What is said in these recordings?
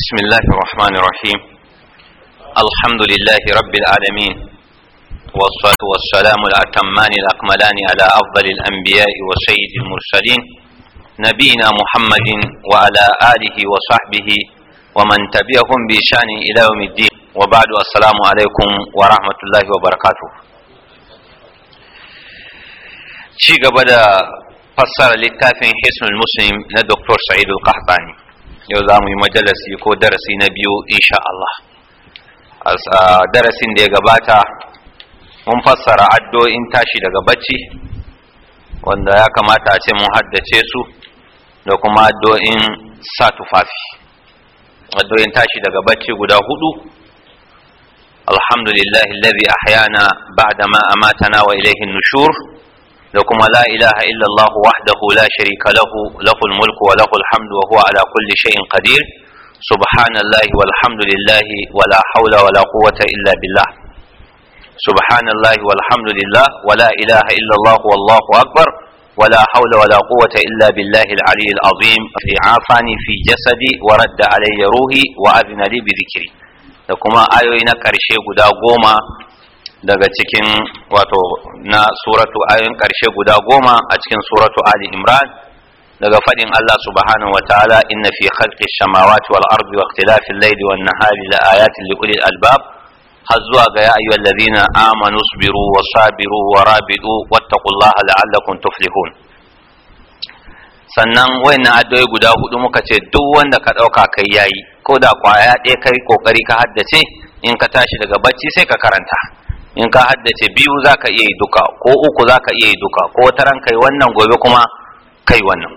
بسم الله الرحمن الرحيم الحمد لله رب العالمين والصلاة والسلام الأتمان الأكملان على أفضل الأنبياء وسيد المرسلين نبينا محمد وعلى آله وصحبه ومن تبعهم بشان إلى يوم الدين وبعد السلام عليكم ورحمة الله وبركاته شيء قبل فسر للتافه حسن المسلم لدكتور سعيد القحطاني yau za mu yi majalasi ko darasi na biyu insha Allah darasin da ya gabata mun fassara addo'in tashi daga bacci wanda ya kamata a ce mun haddace su da kuma addo'in sa tufafi addo'in tashi daga bacci guda hudu alhamdulillahi alladhi ahyana ba'da ma amatana wa ilayhi nushur da kuma la ilaha illallah wahdahu la sharika lahu lahul mulku wa lahul hamdu wa huwa ala kulli shay'in qadir subhanallahi walhamdulillahi wala hawla wala quwwata illa billah subhanallahi walhamdulillah wala ilaha illallah wallahu akbar ولا حول ولا قوة إلا بالله العلي العظيم في عافاني في جسدي ورد علي روحي وأذن لي بذكري da kuma ayoyi na ƙarshe guda goma daga cikin wato na suratu ayoyin ƙarshe guda goma a cikin suratu ali imran daga faɗin Allah subhanahu wa ta'ala inna fi khalqi samawati wal ardi wa ikhtilafi al-layli wan nahari la ayatin li ulil albab har zuwa ga ya ayyuhal ladina amanu sabiru wa sabiru wa rabidu wattaqullaha la'allakum tuflihun sannan wayannan addu'o'i guda hudu muka ce duk wanda ka dauka kai yayi ko da kwaya ɗaya kai kokari ka haddace in ka tashi daga bacci sai ka karanta in ka haddace biyu za ka iya yi duka ko uku za ka iya yi duka ko wata ran kai wannan gobe kuma kai wannan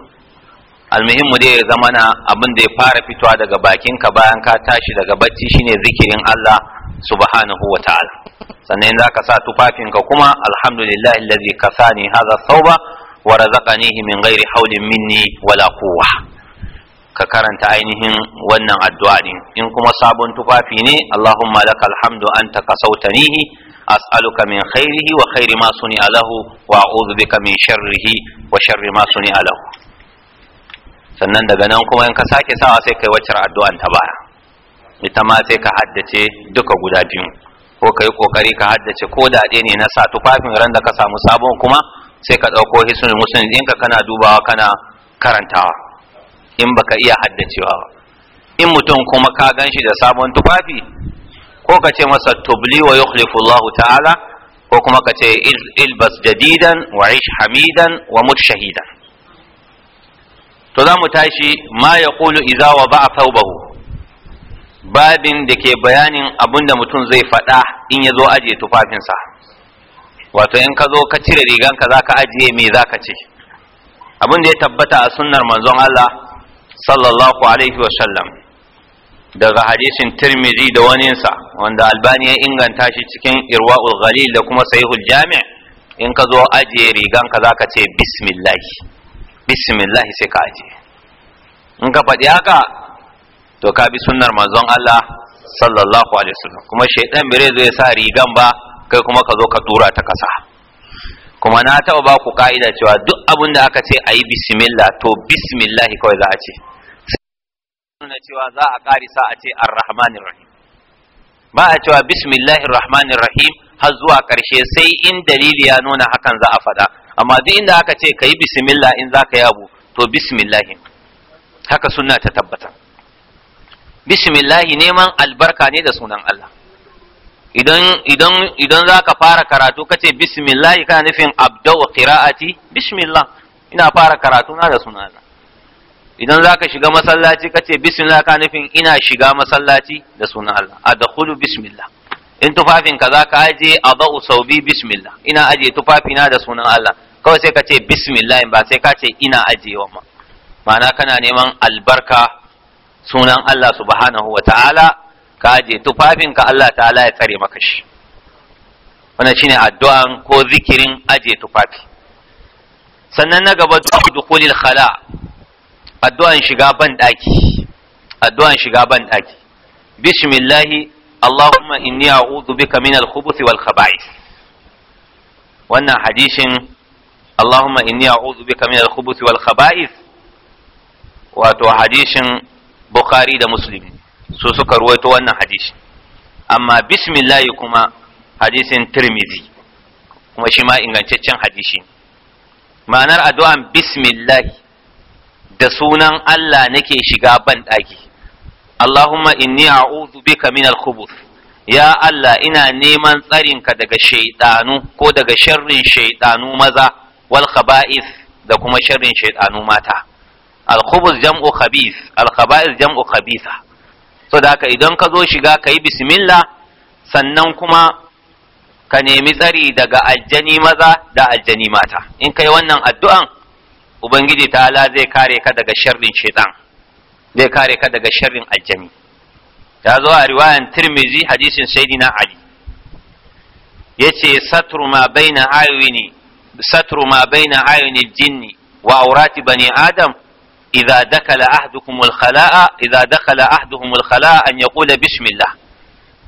almuhimmu dai ya zama na abin da ya fara fitowa daga bakinka bayan ka tashi daga bacci shine zikirin Allah subhanahu wa ta'ala sannan za ka sa tufafinka kuma alhamdulillah allazi kasani hadha sauba wa razaqanihi min ghairi hawlin minni wala quwwa ka karanta ainihin wannan addu'a din in kuma sabon tufafi ne Allahumma lakal hamdu anta kasautanihi Asalu من خيره wa ما ma له lahu wa من شره وشر ما wa له sannan daga nan kuma in ka sake sawa sai kai wacce addu'an ta baya ita ma sai ka haddace duka guda biyu ko kai kokari ka haddace ko da ɗaya ne na sa tufafin ran da ka samu sabon kuma sai ka ɗauko hisnul in ka kana dubawa kana karantawa in baka iya haddacewa ba in mutum kuma ka gan shi da sabon tufafi ko ka ce masa tubli wa yukhlifu Allah ta'ala ko kuma ka ce ilbas jadidan wa ish hamidan wa mut shahidan to za mu tashi ma yaqulu idza wa ba'a bahu. babin da ke bayanin abin da mutum zai faɗa in ya zo ajiye tufafinsa wato in ka zo ka cire riganka za ka ajiye me za ka ce abin da ya tabbata a sunnar manzon Allah sallallahu alaihi sallam. daga hadisin tirmidhi da waninsa wanda albani ya inganta shi cikin irwa'ul ghalil da kuma sahihul jami' in ka zo ajiye rigan ka zaka ce bismillah bismillah sai ka ajiye in ka faɗi haka to ka bi sunnar manzon Allah sallallahu alaihi wasallam kuma shaydan bare zai sa rigan ba kai kuma ka zo ka dura ta kasa kuma na taɓa ba ku ka'ida cewa duk abin da aka ce ayi yi bismillah to bismillah kawai za a ce nuna cewa za a karisa a ce ar rahim ba a cewa bismillahir rahmanir rahim har zuwa karshe sai in dalili ya nuna hakan za a faɗa amma duk inda aka ce kai bismillah in za ka yi abu to bismillahi haka sunna ta tabbata bismillahi neman albarka ne da sunan Allah idan za ka zaka fara karatu kace bismillahi kana nufin abda'u qira'ati bismillah ina fara karatu na da sunan Allah idan zaka shiga masallaci kace bismillah ka nufin ina shiga masallaci da sunan Allah adkhulu bismillah in tufafin ka zaka aje sau biyu bismillah ina aje tufafina da sunan Allah kawai sai kace bismillah ba sai kace ina ajewa ma ma'ana kana neman albarka sunan Allah subhanahu wa ta'ala ka aje tufafin ka Allah ta'ala ya tsare maka shi wannan shine addu'an ko zikirin aje tufafi sannan na gaba dukulil khala addu'an shiga ban daki addu'an shiga ban daki bismillahi allahumma inni a'udhu bika min al-khubuthi wal khaba'ith wannan hadishin allahumma inni a'udhu bika min al-khubuthi wal khaba'ith wato hadishin bukhari da muslim su suka ruwaito wannan hadishin, amma bismillahi kuma hadisin tirmidhi kuma shi ma ingantaccen hadisi ma'anar addu'an bismillahi da sunan Allah nake shiga ban ɗaki Allahumma inni a'udhu bika min al ya Allah ina neman tsarinka daga shaidanu ko daga sharrin shaidanu maza wal khaba'is da kuma sharrin shaidanu mata al-khubuth jam'u khabith al-khaba'is jam'u khabitha so da haka idan ka zo shiga ka yi bismillah sannan kuma ka nemi tsari daga aljani maza da aljani mata in kai wannan addu'an ubangiji ala zai kare ka daga sharrin shaitan zai kare ka daga sharrin aljami ta zo a riwayan tirmizi hadisin sayyidina ali yace satru ma baina ayuni satru ma baina ayuni jinni wa aurati bani adam idza dakala ahdukum alkhalaa idza dakala ahduhum alkhalaa an yaqula bismillah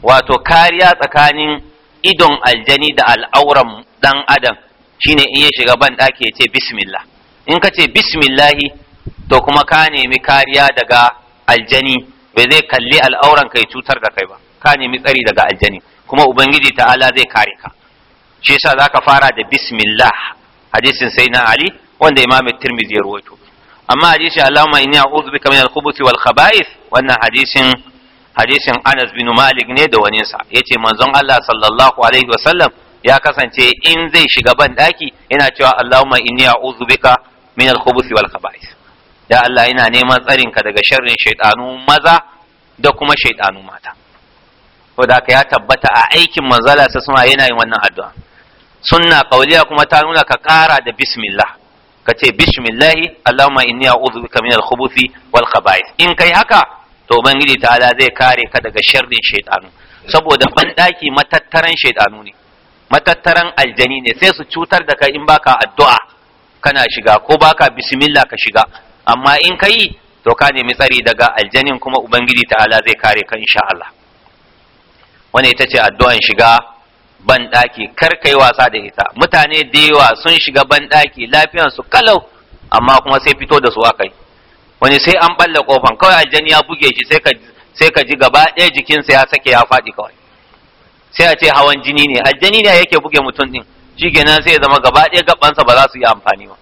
wato kariya tsakanin idon aljani da al'auran dan adam shine in ya shiga ban daki ya ce bismillah in ka ce bismillahi to kuma ka nemi kariya daga aljani bai zai kalli al'auran kai cutar da kai ba ka nemi tsari daga aljani kuma ubangiji ta'ala zai kare ka shi yasa zaka fara da bismillah hadisin sai na ali wanda imam tirmidhi ya rawaito amma hadisin allahumma inni a'udhu bika min al-khubuth wal khaba'ith wannan hadisin hadisin Anas bin Malik ne da waninsa yace manzon Allah sallallahu alaihi wasallam ya kasance in zai shiga ban daki yana cewa Allahumma inni a'udhu bika min al-khubuth wal ya Allah ina neman tsarin ka daga sharrin shaytanu maza da kuma shaytanu mata ko ka ya tabbata a aikin manzala sa suma yana yin wannan addu'a sunna qauliya kuma ta nuna ka kara da bismillah ka ce bismillahi allahumma inni a'udhu bika min al wal khaba'ith in kai haka to ubangiji ta'ala zai kare ka daga sharrin shaytanu saboda bandaki matattaran shaytanu ne matattaran aljani ne sai su cutar da kai in baka addu'a kana shiga ko baka bismillah ka shiga amma in ka yi to ka nemi tsari daga aljanin kuma ubangiji ta'ala zai kare ka insha Allah wani ita ce addu'an shiga ban ɗaki kar kai wasa da ita mutane da yawa sun shiga ban ɗaki su kalau amma kuma sai fito da su akai wani sai an balla kofan kawai aljani ya buge shi sai ka sai ka ji gaba ɗaya jikinsa ya sake ya faɗi kawai sai a ce hawan jini ne aljani ne yake buge mutum din shikenan sai ya zama gaba ɗaya gabansa ba za su yi amfani ba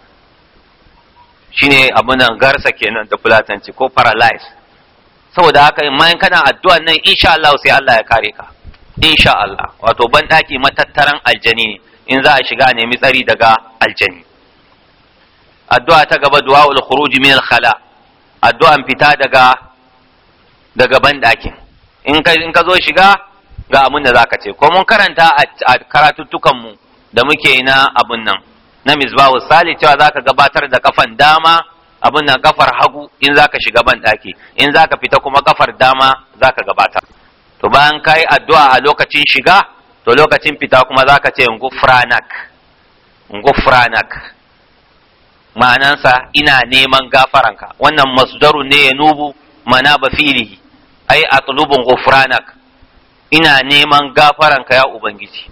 Shi shine abunan garsa kenan da fulatanci ko paralyze saboda haka in mayan kana addu'an nan insha Allah sai Allah ya kare ka insha Allah wato ban ɗaki matattaran aljani ne in za a shiga nemi tsari daga aljani addu'a ta gaba du'aul khuruj min al khala addu'an fita daga daga ban ɗakin in ka zo shiga ga abin da zaka ce ko mun karanta a karatuttukan mu da muke na abun nan na misbahu sali cewa zaka gabatar da kafan dama abun nan kafar hagu in zaka shiga ban daki in zaka fita kuma kafar dama ka gabatar to bayan kai addu'a a lokacin shiga to lokacin fita kuma zaka ce ngufranak ngufranak ma'anansa ina neman gafaranka wannan masdaru ne ya nubu mana ba ai ai atlubun ngufranak ina neman gafaranka ya ubangiji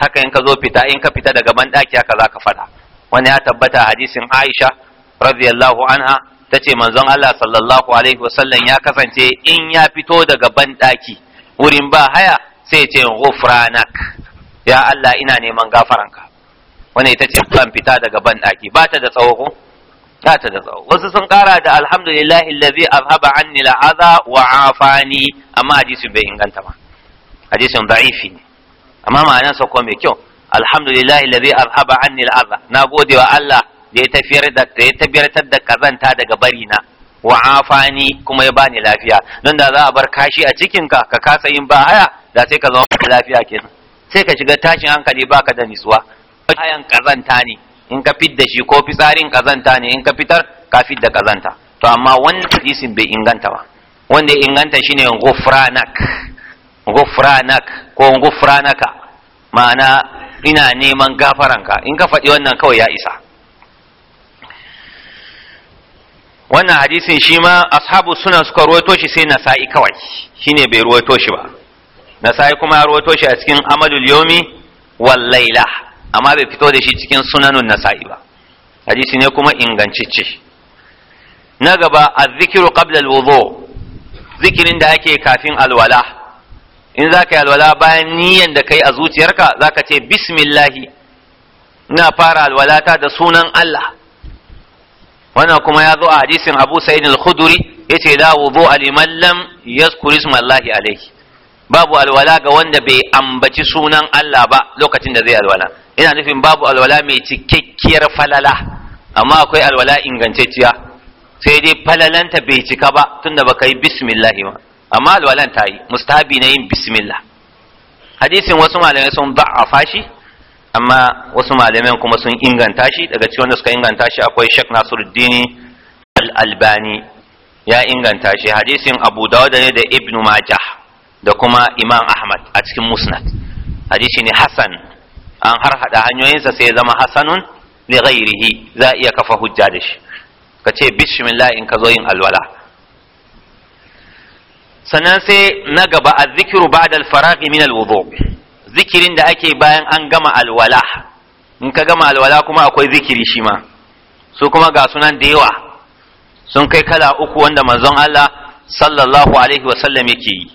haka in ka zo fita in ka fita daga banɗaki haka za ka faɗa wani ya tabbata hadisin aisha radiyallahu anha ta ce manzon allah sallallahu alaihi wasallam ya kasance in ya fito daga banɗaki wurin ba haya sai ce ghufranak ya allah ina neman gafaranka wani ita ce ban fita daga banɗaki ba ta da tsawo ko ba ta da tsawo wasu sun kara da alhamdulillahi allazi azhaba anni la'aza wa afani amma hadisin bai inganta ba hadisin da'ifi ne amma ma'anan sa ko mai kyau alhamdulillah zai arhaba anni al'adha na gode wa Allah da ya tafiyar da ya tabbatar da kazanta daga barina wa afani kuma ya bani lafiya don da za a bar kashi a cikin ka ka kasa yin ba haya da sai ka zama lafiya kenan sai ka shiga tashin hankali baka da nisuwa hayan kazanta ne in ka fidda shi ko fitsarin kazanta ne in ka fitar ka fidda kazanta to amma wannan hadisin bai inganta ba wanda ya inganta shine ghufranak gufranak ko gufranaka ma'ana ina neman gafaranka in ka faɗi wannan kawai ya isa wannan hadisin shi ma ashabu suna suka ruwaito shi sai nasa'i kawai shine bai ruwaito shi ba nasa'i kuma ya ruwaito shi a cikin amalul yomi wal laila amma bai fito da shi cikin sunanun nasa'i ba hadisi ne kuma ingancicce na gaba azzikiru qabla alwudu zikirin da ake kafin alwala in za ka yi alwala bayan niyan da ka a zuciyarka za ka ce bismillahi na fara alwalata da sunan Allah wannan kuma ya zo a hadisin abu sa'id al-khuduri ya ce la wudu liman lam yazkur ismallahi alayhi babu alwala ga wanda bai ambaci sunan Allah ba lokacin da zai alwala ina nufin babu alwala mai cikakkiyar falala amma akwai alwala ingantacciya sai dai falalanta bai cika ba tunda baka yi bismillahi ba amma alwalan ta yi mustahabi na yin bismillah hadisin wasu malamai sun da'afa shi amma wasu malamai kuma sun inganta shi daga cikin wanda suka inganta shi akwai Sheikh Nasiruddin Al-Albani ya inganta shi hadisin Abu Dawud ne da Ibn Majah da kuma Imam Ahmad a cikin Musnad hadisi ne Hasan an har hada hanyoyinsa sai ya zama Hasanun li ghairihi za iya kafa hujja da shi kace bismillah in ka zo yin alwala sannan sai na gaba a zikiru ba da alfaraki min alwudu zikirin da ake bayan an gama alwala in ka gama alwala kuma akwai zikiri shi ma su kuma ga sunan da yawa sun kai kala uku wanda manzon Allah sallallahu alaihi wa sallam yake yi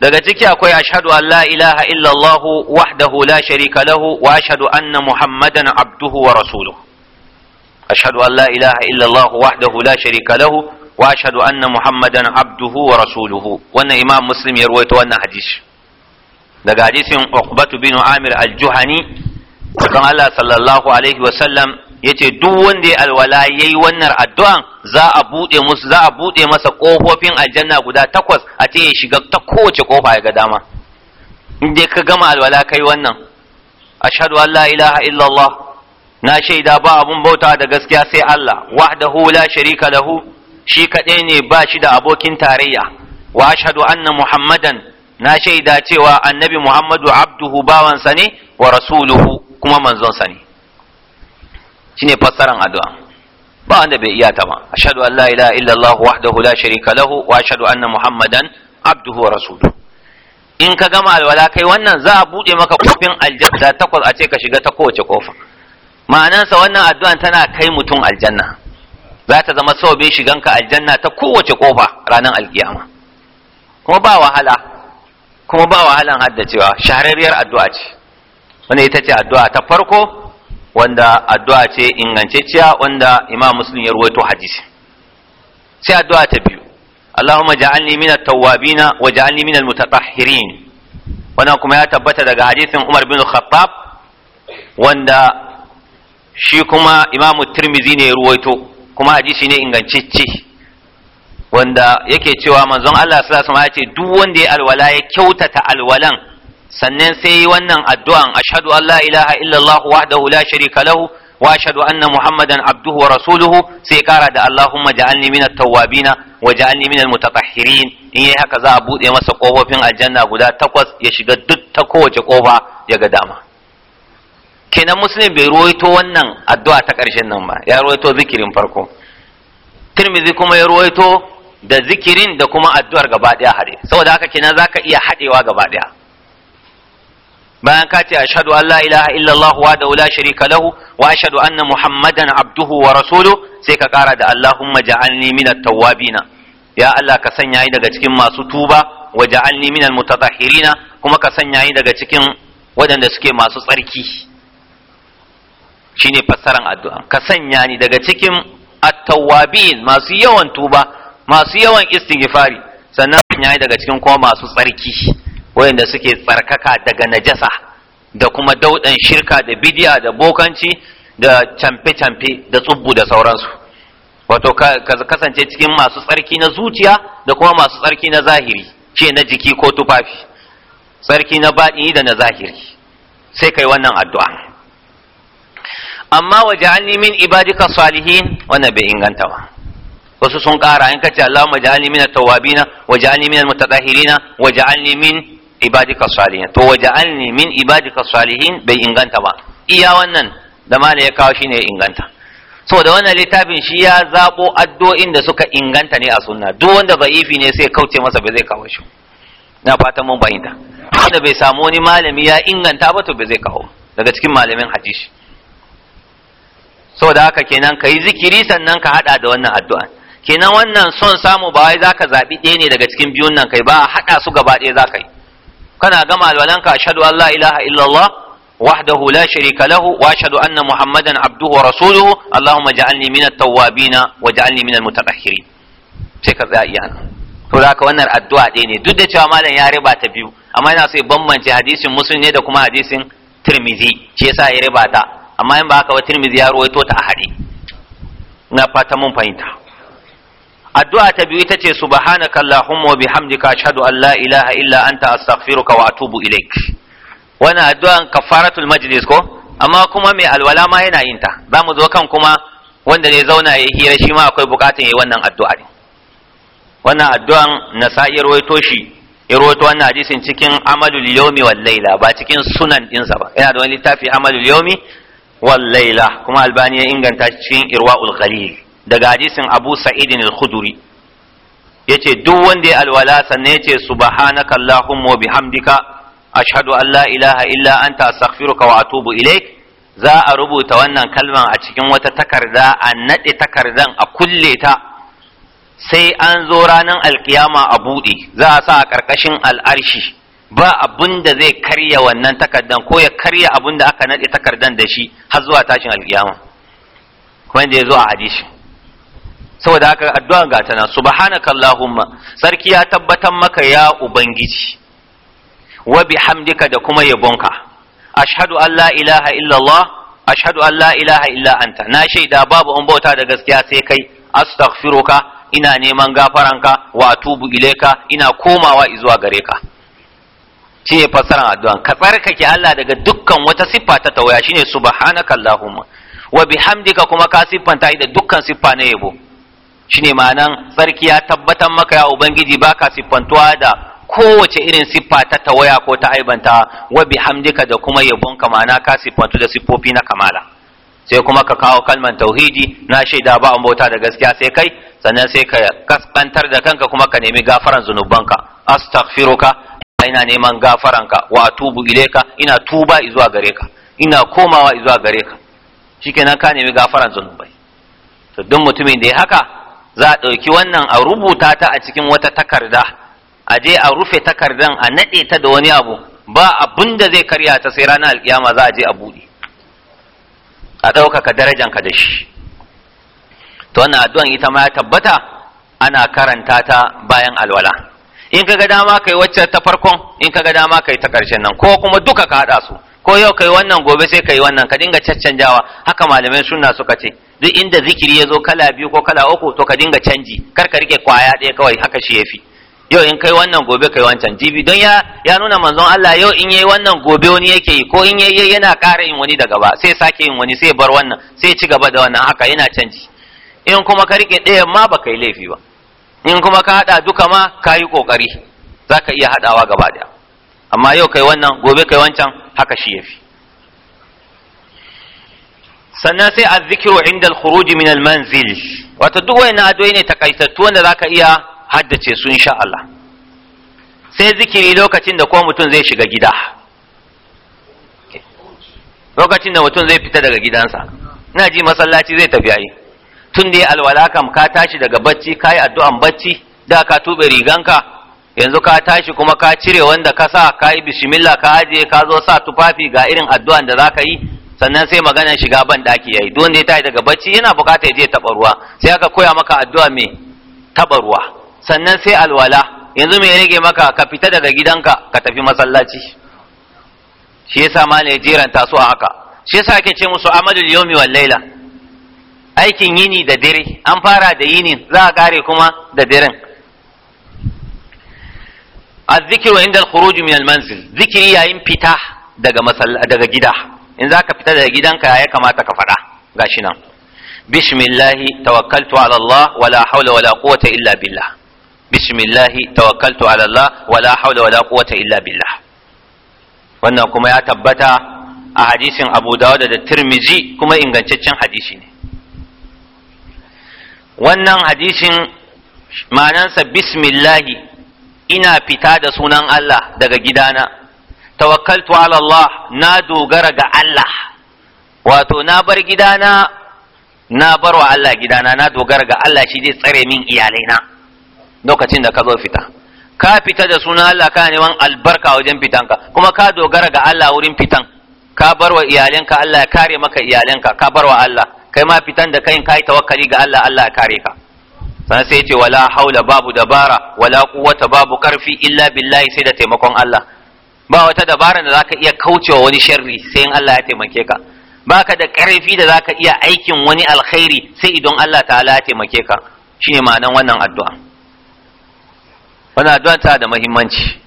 daga ciki akwai ashhadu an la ilaha illallah wahdahu la sharika lahu wa ashhadu anna muhammadan abduhu wa rasuluhu ashhadu an la ilaha illallah wahdahu la sharika lahu wa ashhadu anna muhammadan abduhu wa rasuluhu wannan imam muslim ya ruwaito wannan hadisi daga hadisin uqbatu bin amir al-juhani kan Allah sallallahu alaihi wa sallam yace duk wanda ya alwala yayi wannan addu'an za a bude musu za a bude masa kofofin aljanna guda takwas a ce ya shiga ta kowace kofa ya ga dama in ka gama alwala kai wannan ashhadu an la ilaha illallah na shaida ba abun bauta da gaskiya sai Allah wahdahu la sharika lahu shi kaɗai ne ba shi da abokin tarayya wa ashhadu anna muhammadan na shaida cewa annabi muhammadu abduhu bawansa ne wa rasuluhu kuma manzonsa ne shine fassaran addu'a ba wanda bai iya ta ba ashhadu an la ilaha illallah wahdahu la sharika lahu wa ashhadu anna muhammadan abduhu wa rasuluhu in ka gama alwala kai wannan za a bude maka kofin aljanna takwas a ce ka shiga ta kowace kofa ma'anansa wannan addu'an tana kai mutum aljanna za ta zama sababin shiganka aljanna ta kowace kofa ranar alkiyama kuma ba wahala kuma ba wahalan haddacewa shahararriyar addu'a ce wanda ita ce addu'a ta farko wanda addu'a ce ingantacciya wanda imam muslim ya ruwaito hadisi sai addu'a ta biyu Allahumma ja'alni min at-tawwabina wa ja'alni min al-mutatahhirin wannan kuma ya tabbata daga hadisin Umar bin Khattab wanda shi kuma Imam Tirmidhi ne ya ruwaito kuma hadisi ne ingantacce wanda yake cewa manzon Allah sallallahu alaihi wasallam ya ce duk wanda ya alwala ya kyautata alwalan sannan sai yi wannan addu'an ashhadu an la ilaha illallah wahdahu la sharika lahu wa ashhadu anna muhammadan abduhu wa rasuluhu sai kara da allahumma ja'alni minat tawwabina wa ja'alni minal mutatahhirin in yayi haka za a bude masa kofofin aljanna guda takwas ya shiga duk ta kowace kofa ya ga dama kenan muslim bai ruwaito wannan addu'a ta ƙarshen nan ba ya ruwaito zikirin farko tirmizi kuma ya ruwaito da zikirin da kuma addu'ar gaba ɗaya haɗe saboda haka kenan zaka iya haɗewa gaba ɗaya bayan ka ce ashhadu an la ilaha illallah wa da la sharika lahu wa ashhadu anna muhammadan abduhu wa rasuluhu sai ka kara da allahumma ja'alni minat tawwabina ya allah ka sanya ni daga cikin masu tuba wa ja'alni minal mutatahhirina kuma ka sanya ni daga cikin waɗanda suke masu tsarki shine fassaran addu'a ka sanya ni daga cikin attawabin masu yawan tuba masu yawan istighfari sannan ya daga cikin kuma masu tsarki wayanda suke tsarkaka daga najasa da kuma daudan shirka da bidiya da bokanci da camfe-camfe da tsubbu da sauransu wato ka kasance cikin masu tsarki na zuciya da kuma masu tsarki na zahiri ce na jiki ko tufafi tsarki na baɗi da na zahiri sai kai wannan addu'a amma waj'alni min ibadika salihin wannan bai inganta ba wasu sun ƙara in kace Allahumma ja'alni min tawabina tawwabina waj'alni min al-mutatahhirina waj'alni min ibadika salihin to waja'alni min ibadika salihin bai inganta ba iya wannan da mala ya kawo shine ya inganta So da wannan littafin shi ya zabo addu'o'in da suka inganta ne a sunna duk wanda ba'ifi ne sai kauce masa bai zai kawo shi na fatan mun bayyana wanda bai samu wani malami ya inganta ba to bai zai kawo daga cikin malamin hadisi da haka kenan ka yi zikiri sannan ka haɗa da wannan addu'a kenan wannan son samu ba wai zaka zaɓi ɗaya ne daga cikin biyun nan kai ba a haɗa su gaba ɗaya zaka yi kana gama alwalanka ashhadu an la ilaha illallah wahdahu la sharika lahu wa ashhadu anna muhammadan abduhu wa rasuluhu allahumma ja'alni min at-tawwabin wa ja'alni min al-mutatahhirin sai ka tsaya iya to da haka wannan addu'a ɗaya ne duk da cewa malam ya riba ta biyu amma yana so ya bambance hadisin muslim ne da kuma hadisin tirmizi shi yasa ya riba ta amma in ba haka ba tirmidhi ya ruwaito ta a hade na fata mun fahimta addu'a ta biyu ita ce subhanaka allahumma wa bihamdika ashhadu an la ilaha illa anta astaghfiruka wa atubu ilaik wannan addu'an kafaratul majlis ko amma kuma mai alwala ma yana yin ta za mu zo kan kuma wanda ne zauna ya hira shi ma akwai bukatun yayi wannan addu'a ne wannan addu'an nasa'i ruwaito shi ya ruwaito wannan hadisin cikin amalul yawmi wal laila ba cikin sunan sa ba yana da wani littafi amalul yawmi wal laila kuma albani ya inganta cikin irwaul ghalil daga hadisin abu sa'idin al-khuduri yace duk wanda ya alwala sannan yace subhanaka allahumma wa bihamdika ashhadu an la ilaha illa anta astaghfiruka wa atubu ilaik za a rubuta wannan kalman a cikin wata takarda a nade takardan a kulle ta sai an zo ranar alkiyama a buɗe za a sa a ƙarƙashin al'arshi ba abun da zai karya wannan takardan ko ya karya abun da aka naɗe takardan da shi har zuwa tashin alkiyama kuma da ya zo a hadisi saboda haka addu'a ga tana subhanakallahumma sarki ya tabbatar maka ya ubangiji wa bihamdika da kuma yabonka ashhadu an la ilaha Allah. ashhadu an la ilaha illa anta na shaida babu an bauta da gaskiya sai kai astaghfiruka ina neman gafaranka wa atubu ilaika ina komawa zuwa gare ka shine fasaran addu'an ka tsarkake Allah daga dukkan wata siffa ta tawaya shine subhanaka allahumma wa bihamdika kuma ka siffanta da dukkan siffa na yabo shine ma'anan tsarki ya tabbatar maka ya ubangiji baka siffantuwa da kowace irin siffa ta tawaya ko ta aibanta wa bihamdika da kuma yabonka ma'ana ka siffantu da siffofi na kamala sai kuma ka kawo kalman tauhidi na shaida ba an bauta da gaskiya sai kai sannan sai ka kaskantar da kanka kuma ka nemi gafaran zunubanka astaghfiruka ina neman gafaranka wa tubu ileka ina tuba zuwa gare ka ina komawa zuwa gare ka shikenan ka nemi gafaran zunubai to duk mutumin da ya haka za a ɗauki wannan a rubuta ta a cikin wata takarda a je a rufe takardan a naɗe ta da wani abu ba abun da zai karya ta sai ranar alkiyama za a je a buɗe a ɗaukaka darajanka da shi to wannan addu'an ita ma ya tabbata ana karanta ta bayan alwala in ka ga dama kai wacce ta farkon in kaga dama kai ta karshen nan ko kuma duka ka hada su ko yau kai wannan gobe sai kai wannan ka dinga caccanjawa haka malamai sunna suka ce duk inda zikiri ya zo kala biyu ko kala uku to ka dinga canji kar ka rike kwaya ɗaya kawai haka shi yafi yau in kai wannan gobe kai wancan jibi don ya ya nuna manzon Allah yau in yayi wannan gobe wani yake yi ko in yayi yana ƙara yin wani daga ba sai sake yin wani sai bar wannan sai ci gaba da wannan haka yana canji in kuma ka rike ɗaya ma ba kai laifi ba in kuma ka haɗa duka ma ka yi ƙoƙari za ka iya haɗawa gaba ɗaya amma yau kai wannan gobe kai wancan haka shi ya fi sannan sai zikiro inda al min almanzil manzil wato duk wayannan adoyi ne takaitattu wanda zaka iya haddace su insha Allah sai zikiri lokacin da ko mutum zai shiga gida lokacin da mutum zai fita daga gidansa ina ji masallaci zai tafi yi. tun da ya alwala kam ka tashi daga bacci ka yi addu'an bacci da ka tube riganka yanzu ka tashi kuma ka cire wanda ka sa ka yi bishimilla ka ajiye ka zo sa tufafi ga irin addu'an da za ka yi sannan sai maganar shiga ban ɗaki ya yi don ya tashi daga bacci yana bukata ya je taɓa ruwa sai aka koya maka addu'a mai taɓa ruwa sannan sai alwala yanzu mai rage maka ka fita daga gidanka ka tafi masallaci shi yasa ma ne jeranta su a haka shi yasa ake ce musu amalul yawmi wal laila aikin yini da dare an fara da yinin za kare kuma da daren azzikir wa inda khuruj min almanzil zikiri yayin fita daga gida in za ka fita daga gidanka ya kamata ka faɗa gashi nan bismillahi tawakkaltu ala Allah wala hawla wala quwwata illa billah bismillahi tawakkaltu ala Allah wala hawla wala quwwata illa billah wannan kuma ya tabbata a hadisin Abu Dawud da Tirmizi kuma ingantaccen hadisi ne wannan hadisin ma'anansa bismillahi ina fita da sunan Allah daga gidana tawakkaltu ala Allah na dogara ga Allah wato na bar gidana na bar wa Allah gidana na dogara ga Allah shi zai tsare min iyalaina lokacin da ka zo fita ka fita da sunan Allah ka neman albarka wajen fitanka kuma ka dogara ga Allah wurin fitan ka bar wa iyalinka Allah ya kare maka iyalinka ka bar wa Allah kai ma fitan da kai kai tawakkali ga Allah Allah ya kare ka sannan sai ce wala haula babu dabara wala quwwata babu karfi illa billahi sai da taimakon Allah ba wata dabara da zaka iya kaucewa wani sharri sai in Allah ya taimake ka baka da karfi da zaka iya aikin wani alkhairi sai idan Allah ta'ala ya taimake ka shine ma'anan wannan addu'a wannan addu'a ta da muhimmanci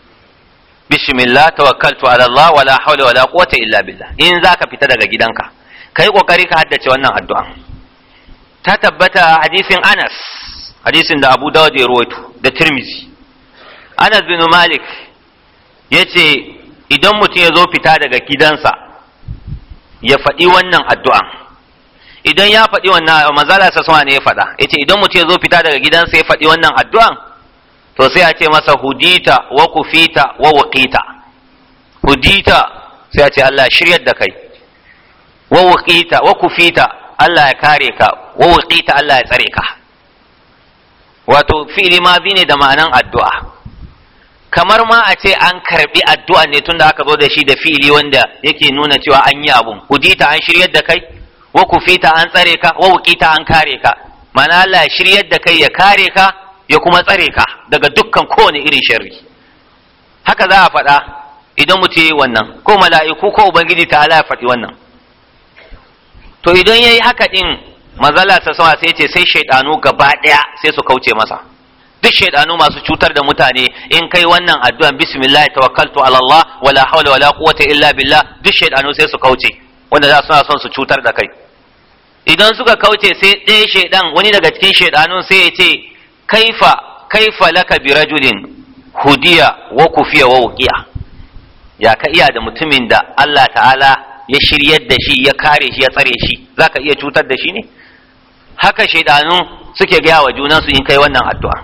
bismillah tawakkaltu ala Allah wala haula wala quwwata illa billah in zaka fita daga gidanka kai kokari ka haddace wannan addu'a ta tabbata hadisin Anas hadisin da Abu Dawud ya rawaito da Tirmizi Anas bin Malik yace idan mutum ya zo fita daga gidansa ya faɗi wannan addu'a idan ya faɗi wannan manzala sa sama ne ya faɗa yace idan mutum ya zo fita daga gidansa ya faɗi wannan addu'an to sai a ce masa hudita wa kufita wa waqita hudita sai a ce Allah shiryar da kai wa wa kufita Allah ya kare ka wa Allah ya tsare ka wato fi'li madi ne da ma'anan addu'a kamar ma a ce an karbi addu'a ne tunda aka zo da shi da fi'ili wanda yake nuna cewa an yi abun hudita an shiryar da kai wa kufita an tsare ka wa an kare ka mana Allah ya shiryar da kai ya kare ka ya kuma tsare ka daga dukkan kowane irin sharri haka za a faɗa idan mu yi wannan ko mala'iku ko ubangiji ta ala ya faɗi wannan to idan ya yi haka ɗin, mazala ta sama sai ce sai shaidanu gaba ɗaya sai su kauce masa duk shaidanu masu cutar da mutane in kai wannan addu'an bismillah tawakkaltu ala Allah wala hawla wala quwwata illa billah duk shaidanu sai su kauce wanda za suna son su cutar da kai idan suka kauce sai ɗaya shaidan wani daga cikin shaidanun sai ya ce kaifa kaifa laka bi rajulin hudiya wa kufiya wa wuqiya ya ka iya da mutumin da Allah ta'ala ya shiryar da shi ya kare shi ya tsare shi zaka iya cutar da shi ne haka shaidanu suke gaya wa su in kai wannan addu'a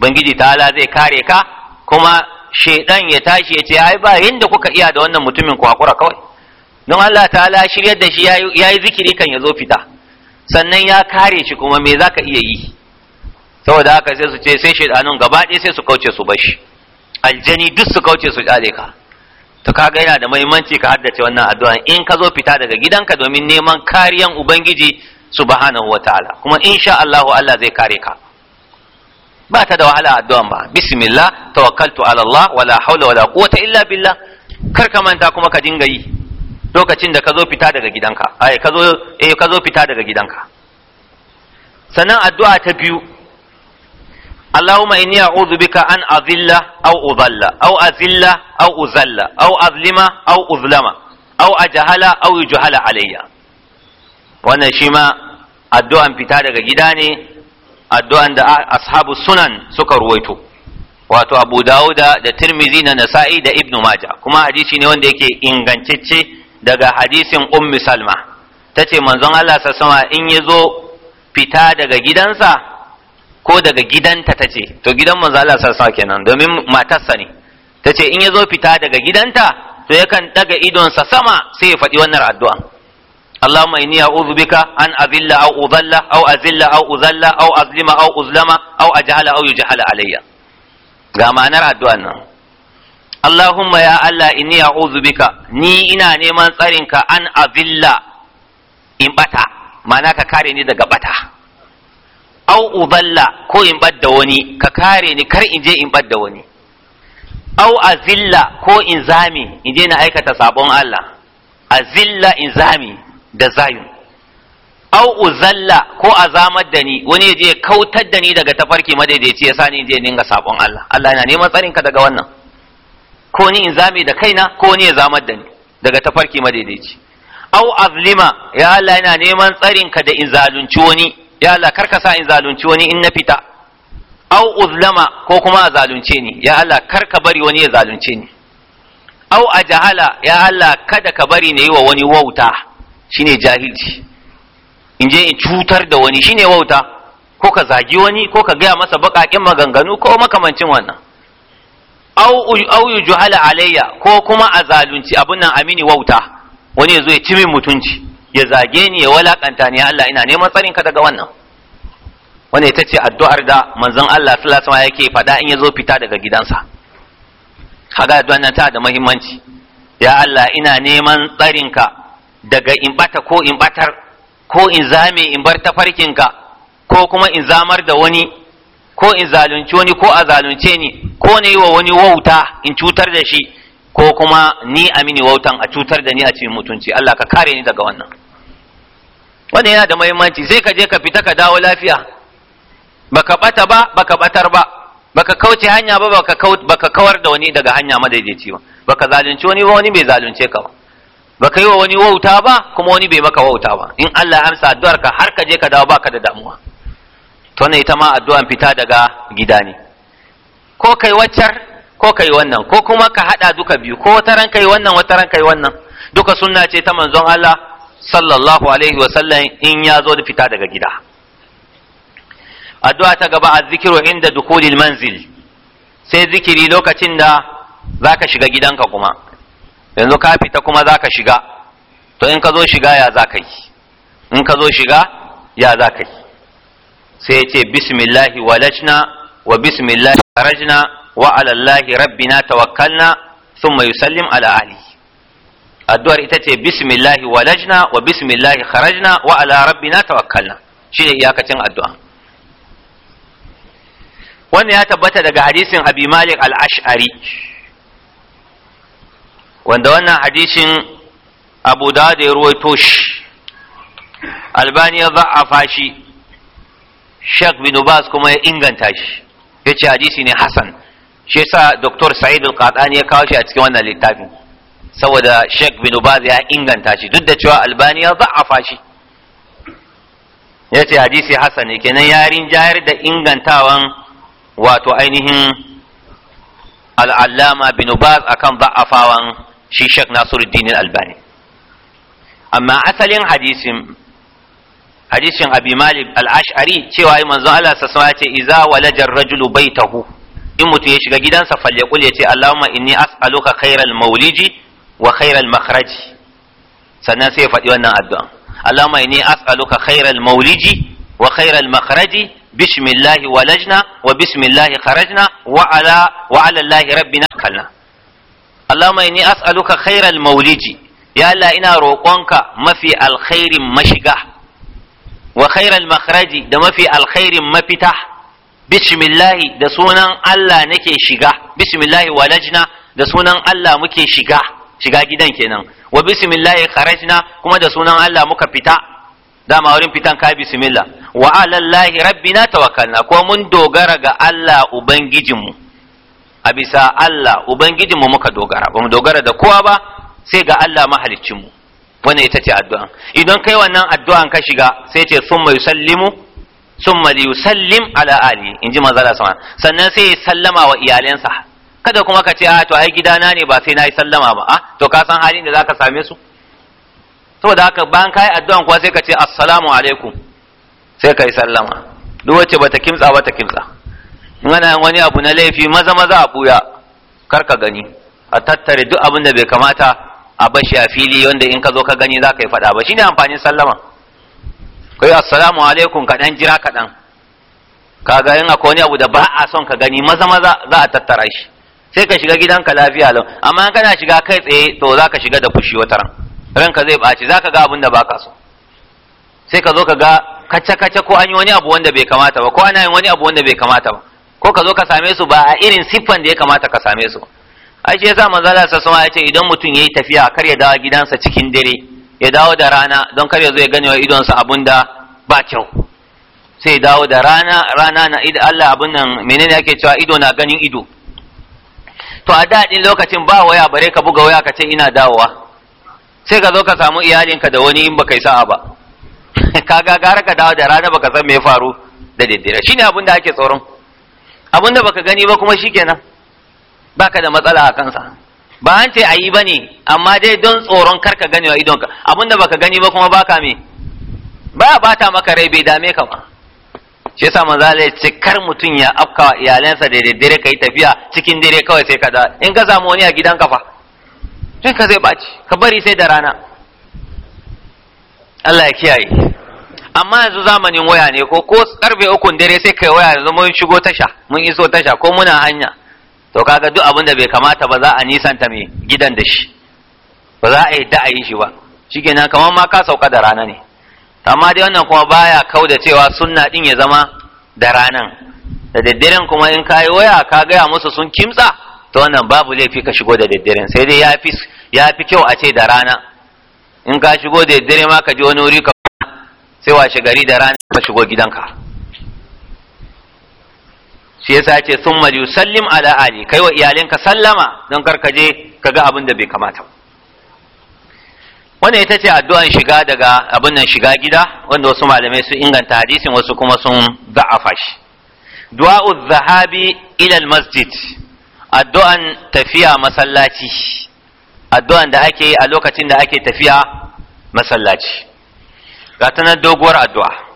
bangiji ta'ala zai kare ka kuma shaidan ya tashi ya ce ai ba yinda kuka iya da wannan mutumin ku hakura kawai don Allah ta'ala shiryar da shi yayi zikiri kan ya zo fita sannan ya kare shi kuma me zaka iya yi saboda haka sai su ce sai shaidanun gaba ɗaya sai su kauce su bashi aljani duk su kauce su kyale ka to kaga yana da muhimmanci ka haddace wannan addu'a in ka zo fita daga gidanka domin neman kariyan ubangiji subhanahu wataala kuma insha Allah Allah zai kare ka ba ta da wahala addu'a ba bismillah tawakkaltu ala Allah wala hawla wala quwwata illa billah kar ka manta kuma ka dinga yi lokacin da ka zo fita daga gidanka ai ka zo eh ka zo fita daga gidanka sannan addu'a ta biyu اللهم إني أعوذ بك أن أذل أو أضل أو أذل أو أذل أو أظلم أو أظلم أو أجهل أو يجهل علي wannan shi ma addu'an fita daga gida ne addu'an da ashabu sunan suka ruwaito wato abu dawuda da tirmizi na nasa'i da ibnu maja kuma hadisi ne wanda yake ingancacce daga hadisin ummi salma ta ce manzon allah sassama in ya zo fita daga gidansa ko daga gidanta ta ce to gidan manzo Allah sarsa kenan domin matarsa ne ta ce in ya zo fita daga gidanta to yakan daga idonsa sama sai ya faɗi wannan addu'a اللهم إني أعوذ بك أن أذل أو أضل أو أذل أو أذل أو أظلم أو أظلم أو أجهل أو يجهل alayya. ga ma'anar addu'an nan Allahumma ya Allah inni a'udhu bika ni ina neman ka an azilla in bata ma'ana ka kare ni daga bata au uballa ko in badda wani ka kare ni kar in je in badda wani au azilla ko in zami in je na aikata sabon Allah azilla in zami da zayun au uzalla ko azamar da ni wani ya je kautar da ni daga tafarki madaidaici ya sani in je ninga sabon Allah Allah yana neman tsarin ka daga wannan ko ni in zami da kaina ko ni ya zamar da ni daga tafarki madaidaici au azlima ya Allah yana neman tsarin ka da in zalunci wani ya Allah karka sa in zalunci wani in na fita au uzlama ko kuma a zalunce ni ya Allah karka bari wani ya zalunce ni au a jahala ya Allah kada ka bari na yi wa wani wauta shine jahilci in je in cutar da wani shine wauta ko ka zagi wani ko ka gaya masa baƙaƙen maganganu ko makamancin wannan au yi juhala alayya ko kuma a zalunci abin nan amini wauta wani ya zo ya ci min mutunci ya zage ni ya walakanta ni Allah ina neman tsarin ka daga wannan wanda ita ce addu'ar da manzon Allah sallallahu alaihi wasallam yake faɗa in ya zo fita daga gidansa kaga addu'an nan ta da muhimmanci ya Allah ina neman tsarin ka daga in bata ko in batar ko in zame in bar tafarkin ka ko kuma in zamar da wani ko in zalunci wani ko a zalunce ni ko na yi wa wani wauta in cutar da shi ko kuma ni a mini wautan a cutar da ni a cikin mutunci Allah ka kare ni daga wannan wannan yana da muhimmanci sai ka je ka fita ka dawo lafiya baka bata ba baka batar ba baka kauce hanya ba baka baka kawar da wani daga hanya madaidaici ba baka zalunci wani ba wani bai zalunce ka ba baka yi wa wani wauta ba kuma wani bai maka wauta ba in Allah ya amsa addu'ar ka har ka je ka dawo baka da damuwa to ne ita ma addu'an fita daga gida ne ko kai waccar ko ka yi wannan ko kuma ka haɗa duka biyu ko wata ran kai wannan wata ran kai wannan duka sunna ce ta manzon Allah sallallahu alaihi wa sallam in ya zo da fita daga gida addu'a ta gaba azzikiru inda dukulil manzil sai zikiri lokacin da zaka shiga gidanka kuma yanzu ka fita kuma zaka shiga to in ka zo shiga ya zaka yi in ka zo shiga ya zaka yi sai ya ce bismillahi walajna wa bismillahi farajna wa ala rabbina tawakkalna thumma yusallim ala addu'ar ita ce bismillahi walajna wa bismillahi kharajna wa ala rabbina tawakkalna shine iyakacin addu'a wannan ya tabbata daga hadisin abi malik al-ash'ari wanda wannan hadisin abu da ya ruwaito shi albani ya za'afa shi shek bin bas kuma ya inganta shi ya ce hadisi ne hasan shi sa Dr. Sa'id Al-Qadani ya kawo shi a cikin wannan littafin saboda Sheikh bin Baz ya inganta shi duk da cewa Albani ya za'afa shi Ya ce hadisi hasan ne kenan yarin jayar da ingantawan wato ainihin al'allama bin Baz akan za'afawan shi Sheikh Nasiruddin Albani amma asalin hadisin hadisin Abi Malik Al-Ash'ari cewa manzon Allah sallallahu alaihi wasallam ya ce iza walajar rajulu baitahu in mutum ya shiga gidansa falyakul ya ce allahumma inni as'aluka khairal mauliji wa khairal makhraji sannan sai ya faɗi wannan addu'a allahumma inni as'aluka khairal mauliji wa khairal makhraji bismillahi walajna wa bismillahi kharajna wa ala wa ala allahi rabbina kalna allahumma inni as'aluka khairal mauliji ya allah ina roƙonka mafi alkhairin mashiga wa khairal makhraji da mafi alkhairin mafita bismillahi da sunan Allah nake shiga bismillahi walajna da sunan Allah muke shiga shiga gidan kenan wa bismillahi kharajna kuma da sunan Allah muka fita dama wurin fitan ka bismillah wa ala Allah rabbina tawakkalna ko mun dogara ga Allah ubangijinmu a bisa Allah ubangijinmu muka dogara ba mu dogara da kowa ba sai ga Allah mahaliccinmu wannan ita ce addu'a idan kai wannan addu'an ka shiga sai ce summa sallimu. summa liyusallim ala ali inji manzo Allah sama sannan sai ya sallama wa iyalansa kada kuma ka ce a ah, to ai gidana ne ba sai na yi sallama ba a ah, to ka san halin da zaka same su saboda haka bayan yi addu'an kuwa sai ka ce assalamu alaikum sai ka yi sallama duk wacce bata kimtsa ba ta kimtsa in yin wani abu na laifi maza maza a buya kar ka gani a tattare duk abin da bai kamata a bashi a fili wanda in ka zo ka gani za ka yi faɗa ba shine amfanin sallama kai assalamu alaikum ka dan jira kaɗan kaga yin akwai wani abu da ba a son ka gani maza maza za a tattara shi sai ka shiga gidanka lafiya lau amma in kana shiga kai tsaye to za ka shiga da fushi wata ran ranka zai ɓaci za ka ga abin da ba ka so sai ka zo ka ga kace-kace ko an yi wani abu wanda bai kamata ba ko ana yin wani abu wanda bai kamata ba ko ka zo ka same su ba a irin siffan da ya kamata ka same su ai shi yasa Manzala Allah ya ce idan mutum ya yi tafiya kar ya dawo gidansa cikin dare ya dawo da rana don kar ya zo ya gani wa idonsa abun da ba kyau sai ya dawo da rana rana na idan Allah abun nan menene ake cewa ido na ganin ido to a daɗin lokacin ba waya bare ka buga waya ka ce ina dawowa sai ka zo ka samu iyalinka da wani in baka yi sa'a ba ga gara ka dawo da rana baka san me ya faru da daddare shine abun da ake tsoron abun da baka gani ba kuma shikenan baka da matsala a kansa ba an ce ba ne, amma dai don tsoron karka gani wa idonka abinda baka gani ba kuma baka me ba bata maka rai bai dame ka ba shi yasa manzo Allah ya ce kar mutun ya afka iyalansa da daddare kai tafiya cikin dare kawai sai ka da in ka samu wani a gidanka fa sai ka zai baci ka bari sai da rana Allah ya kiyaye amma yanzu zamanin waya ne ko ko karfe ukun dare sai kai waya yanzu mun shigo tasha mun iso tasha ko muna hanya to kaga duk abin da bai kamata ba za a nisanta mai gidan da shi ba za a yi da a yi shi ba shikenan kamar ma ka sauka da rana ne amma dai wannan kuma baya kau da cewa sunna din ya zama da ranan da daddaren kuma in ka yi waya ka gaya musu sun kimtsa to wannan babu laifi ka shigo da daddaren sai dai ya fi kyau a ce da rana in ka shigo da daddare ma ka ji wani wuri ka sai washe gari da rana ka shigo gidanka shi yasa ce sun mali sallim ala ali kai wa iyalinka sallama don kar ka je ka ga abin da bai kamata wannan ita ce addu'an shiga daga abin nan shiga gida wanda wasu malamai sun inganta hadisin wasu kuma sun za'afa shi du'a'u zahabi ila masjid addu'an tafiya masallaci addu'an da ake yi a lokacin da ake tafiya masallaci ga ta doguwar addu'a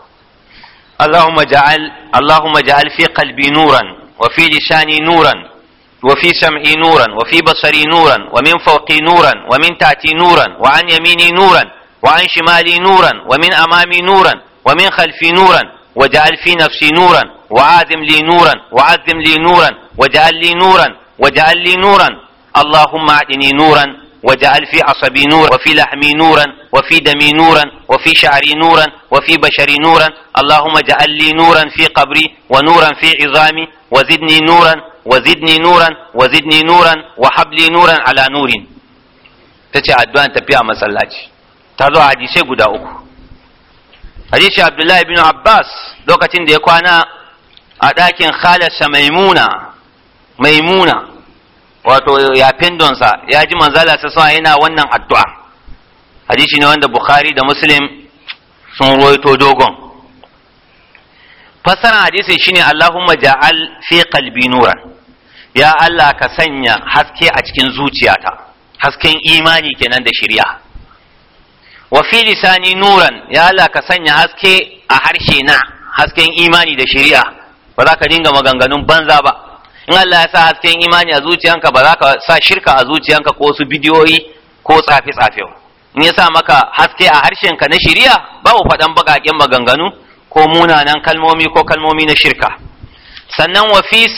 اللهم اجعل اللهم اجعل في قلبي نورا وفي لساني نورا وفي سمعي نورا وفي بصري نورا ومن فوقي نورا ومن تحتي نورا وعن يميني نورا وعن شمالي نورا ومن أمامي نورا ومن خلفي نورا وجعل في نفسي نورا وعادم لي نورا وعذم لي نورا وجعل لي نورا وجعل لي نورا اللهم أعدني نورا وجعل في عصبي نورا وفي لحمي نورا وفي دمي نورا وفي شعري نورا وفي بشري نورا اللهم اجعل لي نورا في قبري ونورا في عظامي وزدني نورا وزدني نورا وزدني نورا وحبلي نورا على نور تتي addu'an tafiya masallaci ta zo a hadisai guda uku hadisi abdullahi ibn abbas lokacin da ya kwana a ɗakin khalarsa maimuna wato ya findonsa ya ji manzala sa sa yana wannan addu'a hadisi ne wanda bukhari da muslim sun ruwaito dogon fassara hadisi shine Allahumma ja'al fi qalbi nuran ya Allah ka sanya haske a cikin zuciyata hasken imani kenan da shari'a wa fi lisani nuran ya Allah ka sanya haske a harshe na hasken imani da shari'a ba za ka dinga maganganun banza ba in Allah ya sa hasken imani a zuciyanka ba za ka sa shirka a zuciyanka ko su bidiyoyi ko tsafe tsafe in ya sa maka haske a harshenka na shiriya babu faɗan baƙaƙen maganganu ko munanan kalmomi ko kalmomi na shirka sannan wa fi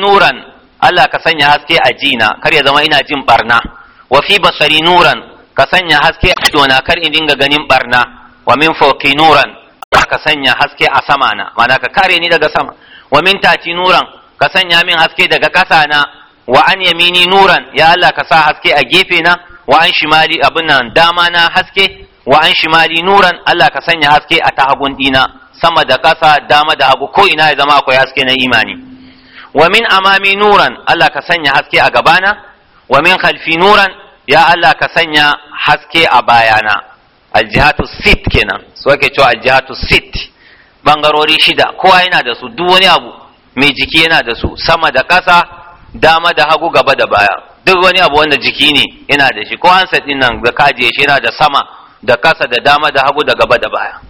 nuran Allah ka sanya haske a jina kar ya zama ina jin barna wa fi basari nuran ka sanya haske a idona kar in dinga ganin barna wa min fawqi nuran ka sanya haske a sama na ma'ana ka kare ni daga sama wa min tati nuran ka sanya min haske daga ƙasa na wa an yamini nuran ya Allah ka sa haske a gefe na wa an shimali abin nan dama na haske wa an shimali nuran Allah ka sanya haske a ta hagun dina sama da ƙasa dama da hagu ko ina ya zama akwai haske na imani wa min amami nuran Allah ka sanya haske a gabana wa min khalfi nuran ya Allah ka sanya haske a bayana aljihatu sit kenan su ake cewa aljihatu sit bangarori shida kowa yana da su duk wani abu mai jiki yana da su sama da kasa dama da hagu gaba da baya duk wani abu wanda jiki ne yana da shi ko handset din nan da kaje shi yana da sama da kasa da dama da hagu da gaba da baya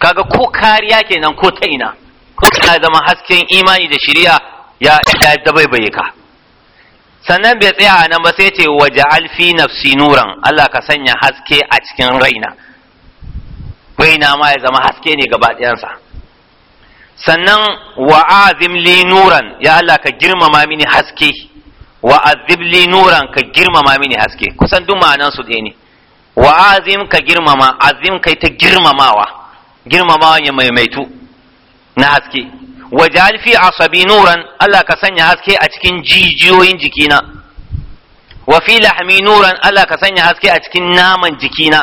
kaga ko kariya kenan ko ta ina ko ta zama hasken imani da shari'a ya ya dabaibaye ka sannan bai tsaya a nan ba sai ce waje alfi nafsi nuran Allah ka sanya haske a cikin raina raina ma ya zama haske ne gaba ɗayansa sannan wa'azim li nuran ya Allah ka girmama mini haske wa'azib li nuran ka girmama mini haske kusan duk ma'anan su ne wa'azim ka girmama azim kai ta girmamawa girmamawa ya maimaitu na haske wajal fi asabi nuran Allah ka sanya haske a cikin jijiyoyin jikina wa fi lahmi nuran Allah ka sanya haske a cikin naman jikina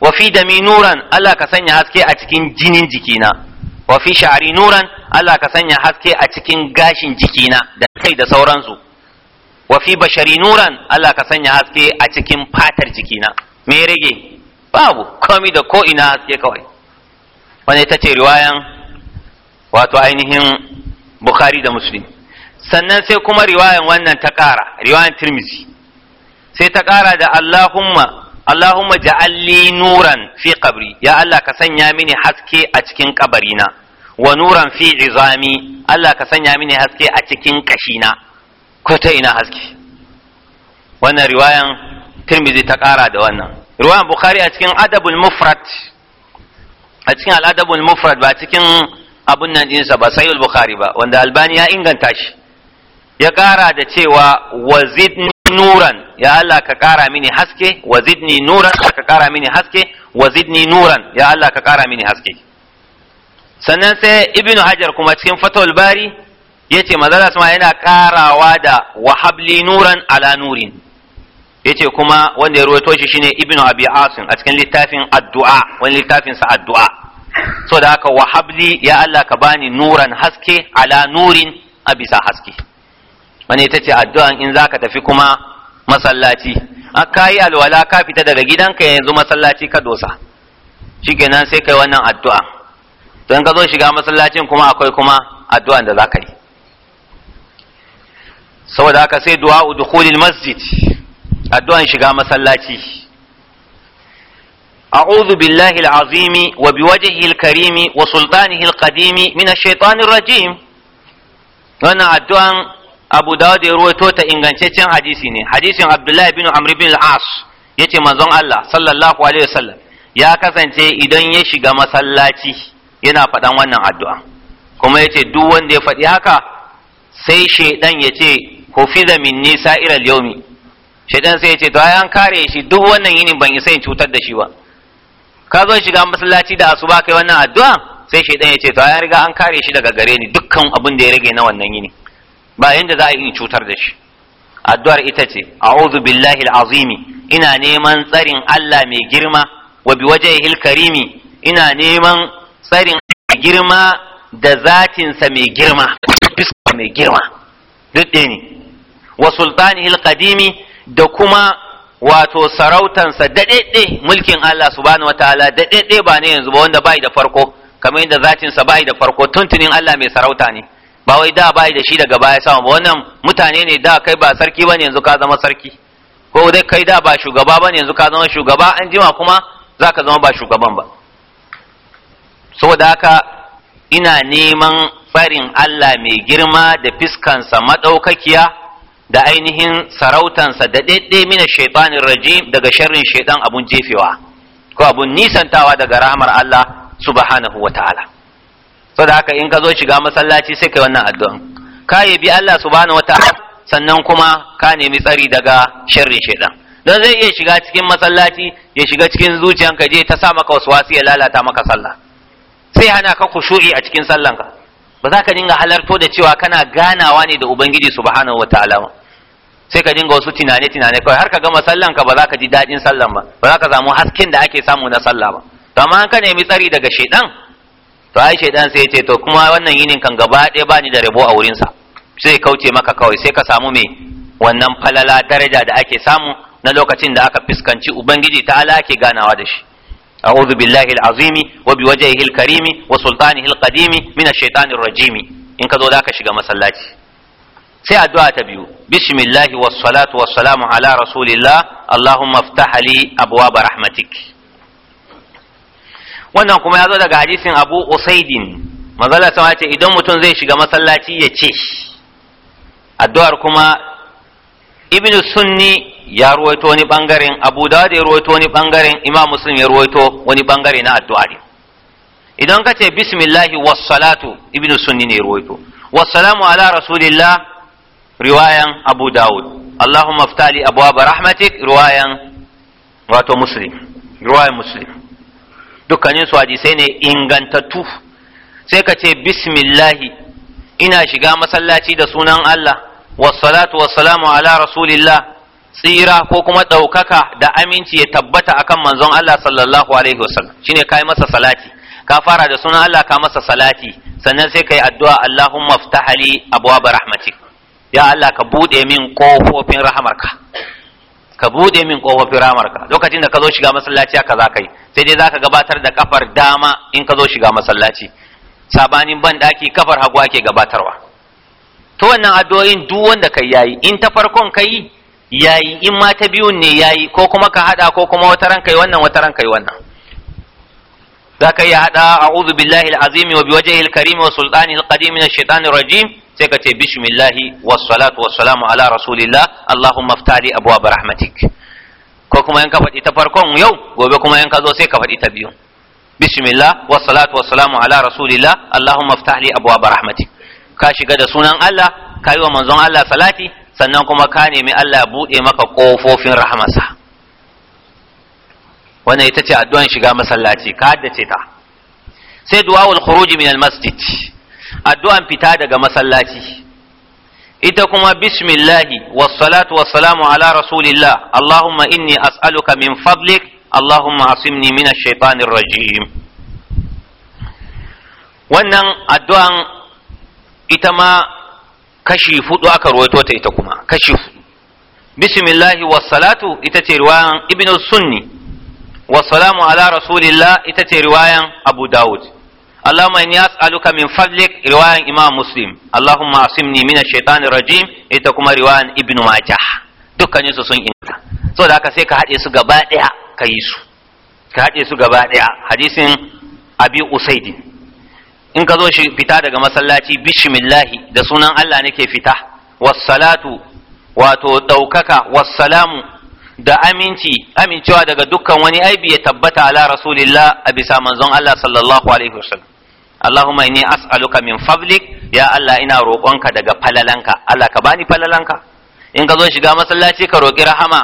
wa fi dami nuran Allah ka sanya haske a cikin jinin jikina wa fi sha'ari nuran Allah ka sanya haske a cikin gashin jikina da kai da sauransu wa fi bashari nuran Allah ka sanya haske a cikin fatar jikina me rage babu komi da ko ina haske kawai Wani ita ce riwayan wato ainihin bukhari da muslim sannan sai kuma riwayan wannan ta kara riwayan tirmizi sai ta kara da allahumma Allahumma ja'alli nuran fi qabri ya Allah ka sanya mini haske a cikin kabarina wa nuran fi izami Allah ka sanya mini haske a cikin kashina ko ta ina haske wannan riwayan Tirmidhi ta ƙara da wannan riwayan Bukhari a cikin Adabul Mufrad Mufrad ba cikin abun nan ba Sahih Bukhari ba wanda Albani ya inganta shi ya ƙara da cewa wazidni nuran ya Allah ka ƙara mini haske wazidni nuran ka ƙara mini haske wazidni nuran ya Allah ka ƙara mini haske sannan sai ibnu hajar kuma cikin fatul bari yace manzala sama yana ƙarawa da wahabli nuran ala nurin yace kuma wanda ya ruwaito shi shine ibnu abi asim a cikin littafin addu'a wani littafin sa addu'a so da haka wahabli ya Allah ka bani nuran haske ala nurin a bisa haske wani ita ce addu'an in zaka tafi kuma masallaci ka yi alwala ka fita daga gidanka yanzu masallaci ka dosa kenan sai kai wannan addu'a don ka zo shiga masallacin kuma akwai kuma addu'an da ka yi saboda haka sai du'a dukhulil masjid addu'an shiga masallaci أعوذ بالله العظيم وبوجهه الكريم وسلطانه القديم من الشيطان الرجيم وأنا أدعان abu dawud ya ruwaito ta ingantaccen hadisi ne hadisin abdullahi bin amr bin al-as yace manzon Allah sallallahu alaihi wasallam ya kasance idan ya shiga masallaci yana faɗan wannan addu'a kuma yace duk wanda ya faɗi haka sai shaidan yace hufiza minni al-yawmi shaidan sai yace to ayan kare shi duk wannan yinin ban isa in cutar da shi ba ka zo shiga masallaci da asuba kai wannan addu'a sai shaidan yace to ayan riga an kare shi daga gare ni dukkan abin da ya rage na wannan yini ba yanda za a yi cutar da shi addu'ar ita ce a'udhu billahi al'azimi ina neman tsarin Allah mai girma wa bi wajhihil karimi ina neman tsarin girma da zatinsa mai girma fiska mai girma duk ne wa sultanihil qadimi da kuma wato sa daɗaɗɗe mulkin Allah subhanahu wataala daɗaɗɗe ba ne yanzu ba wanda bai da farko kamar yadda zatinsa bai da farko tuntunin Allah mai sarauta ne ba wai da bai da shi daga baya sama ba wannan mutane ne da kai ba sarki bane yanzu ka zama sarki ko dai kai da ba shugaba bane yanzu ka zama shugaba an jima kuma zaka zama ba shugaban ba saboda haka ina neman farin Allah mai girma da fiskansa madaukakiya da ainihin sarautansa da ɗaiɗe mina shaitanin rajim daga sharrin shaitan abun jefewa ko abun nisantawa daga rahamar Allah subhanahu wa ta'ala da haka in ka zo shiga masallaci sai kai wannan addu'an ka bi Allah subhanahu wataala sannan kuma ka nemi tsari daga sharrin shaidan don zai iya shiga cikin masallaci ya shiga cikin zuciyanka je ta sa maka wasu ya lalata maka sallah sai hana ka kushu'i a cikin sallanka ba za ka dinga halarto da cewa kana ganawa ne da ubangiji subhanahu wataala sai ka dinga wasu tunane tunane kawai har ka gama sallan ka ba za ka ji daɗin sallan ba ba za ka samu hasken da ake samu na sallah ba to amma an ka nemi tsari daga shaidan to ai shaidan sai ce to kuma wannan yinin kan gaba ɗaya ba ni da rabo a wurinsa sai kauce maka kawai sai ka samu me wannan falala daraja da ake samu na lokacin da aka fuskanci ubangiji ta ala ake ganawa da shi a'udhu billahi al-azimi wa biwajhihi al-karimi wa sultanihi al-qadimi min ash rajimi in ka zo da ka shiga masallaci sai addu'a ta biyu bismillahi was salatu was salamu ala rasulillah allahumma iftah li abwaab rahmatik wannan kuma ya zo daga hadisin abu usaidin manzala ta ce idan mutum zai shiga masallaci ya ce addu'ar kuma ibn sunni ya ruwaito wani bangaren abu dawud ya ruwaito wani bangaren imam muslim ya ruwaito wani bangare na addu'a idan ka ce bismillahi wassalatu ibn sunni ne ruwaito wassalamu ala rasulillah riwayan abu dawud allahumma aftali abwaab rahmatik riwayan wato muslim riwayan muslim dukkanin su hadisai ne ingantattu sai ka ce bismillahi ina shiga masallaci da sunan Allah wassalatu wassalamu ala rasulillah tsira ko kuma ɗaukaka da aminci ya tabbata akan manzon Allah sallallahu alaihi wasallam shine kai masa salati ka fara da sunan Allah ka masa salati sannan sai kai addu'a Allahumma ftahali abwaab rahmatik ya Allah ka bude min kofofin rahamarka ka bude min kofofin ramarka lokacin da ka zo shiga masallaci ka za ka sai dai za ka gabatar da kafar dama in ka zo shiga masallaci sabanin ban daki kafar hagu ake gabatarwa to wannan addu'o'in duk wanda kai yayi in ta farkon kai yayi in ma ta biyun ne yayi ko kuma ka hada ko kuma wata ran kai wannan wata ran kai wannan za ka iya haɗa a'udhu billahi al'azimi wa biwajhihi al-karimi wa sultani al-qadim min ash rajim sai ka ce bismillahi was salatu was salamu ala rasulillah allahumma aftali rahmatik ko kuma in ka faɗi ta farkon yau gobe kuma in ka zo sai ka faɗi ta biyu bismillah was salatu was salamu ala rasulillah allahumma aftali rahmatik ka shiga da sunan Allah ka yi wa manzon Allah salati sannan kuma ka nemi Allah buɗe maka ƙofofin rahmasa wannan ita ce addu'an shiga masallaci ka haddace ta sai du'a'ul khuruj min masjid addu'an fita daga masallaci ita kuma bismillahi wassalatu wassalamu ala rasulillah allahumma inni as'aluka min fadlik allahumma asimni min ash-shaytanir rajim wannan addu'an ita ma kashi fudu aka ruwaito ta ita kuma kashi fudu bismillahi wassalatu ita ce riwayan Ibn sunni والسلام على رسول الله إتتي رواية أبو داود اللهم إني أسألك من فضلك رواية إمام مسلم اللهم أعصمني من الشيطان الرجيم إتكما رواية ابن ماجه دكا نيسو سن إنتا سو داكا سيكا حديث غبادئة كيسو كحديث غبادئة حديث أبي أسيد in ka zo shi fita daga masallaci bishimillahi da sunan Allah nake fita wassalatu wato ɗaukaka wassalamu da aminci amincewa daga dukkan wani aibi ya tabbata ala rasulillah a bisa manzon Allah sallallahu alaihi wasallam Allahumma inni as'aluka min fadlik ya Allah ina roƙonka daga falalanka Allah ka bani falalanka in ka zo shiga masallaci ka roƙi rahama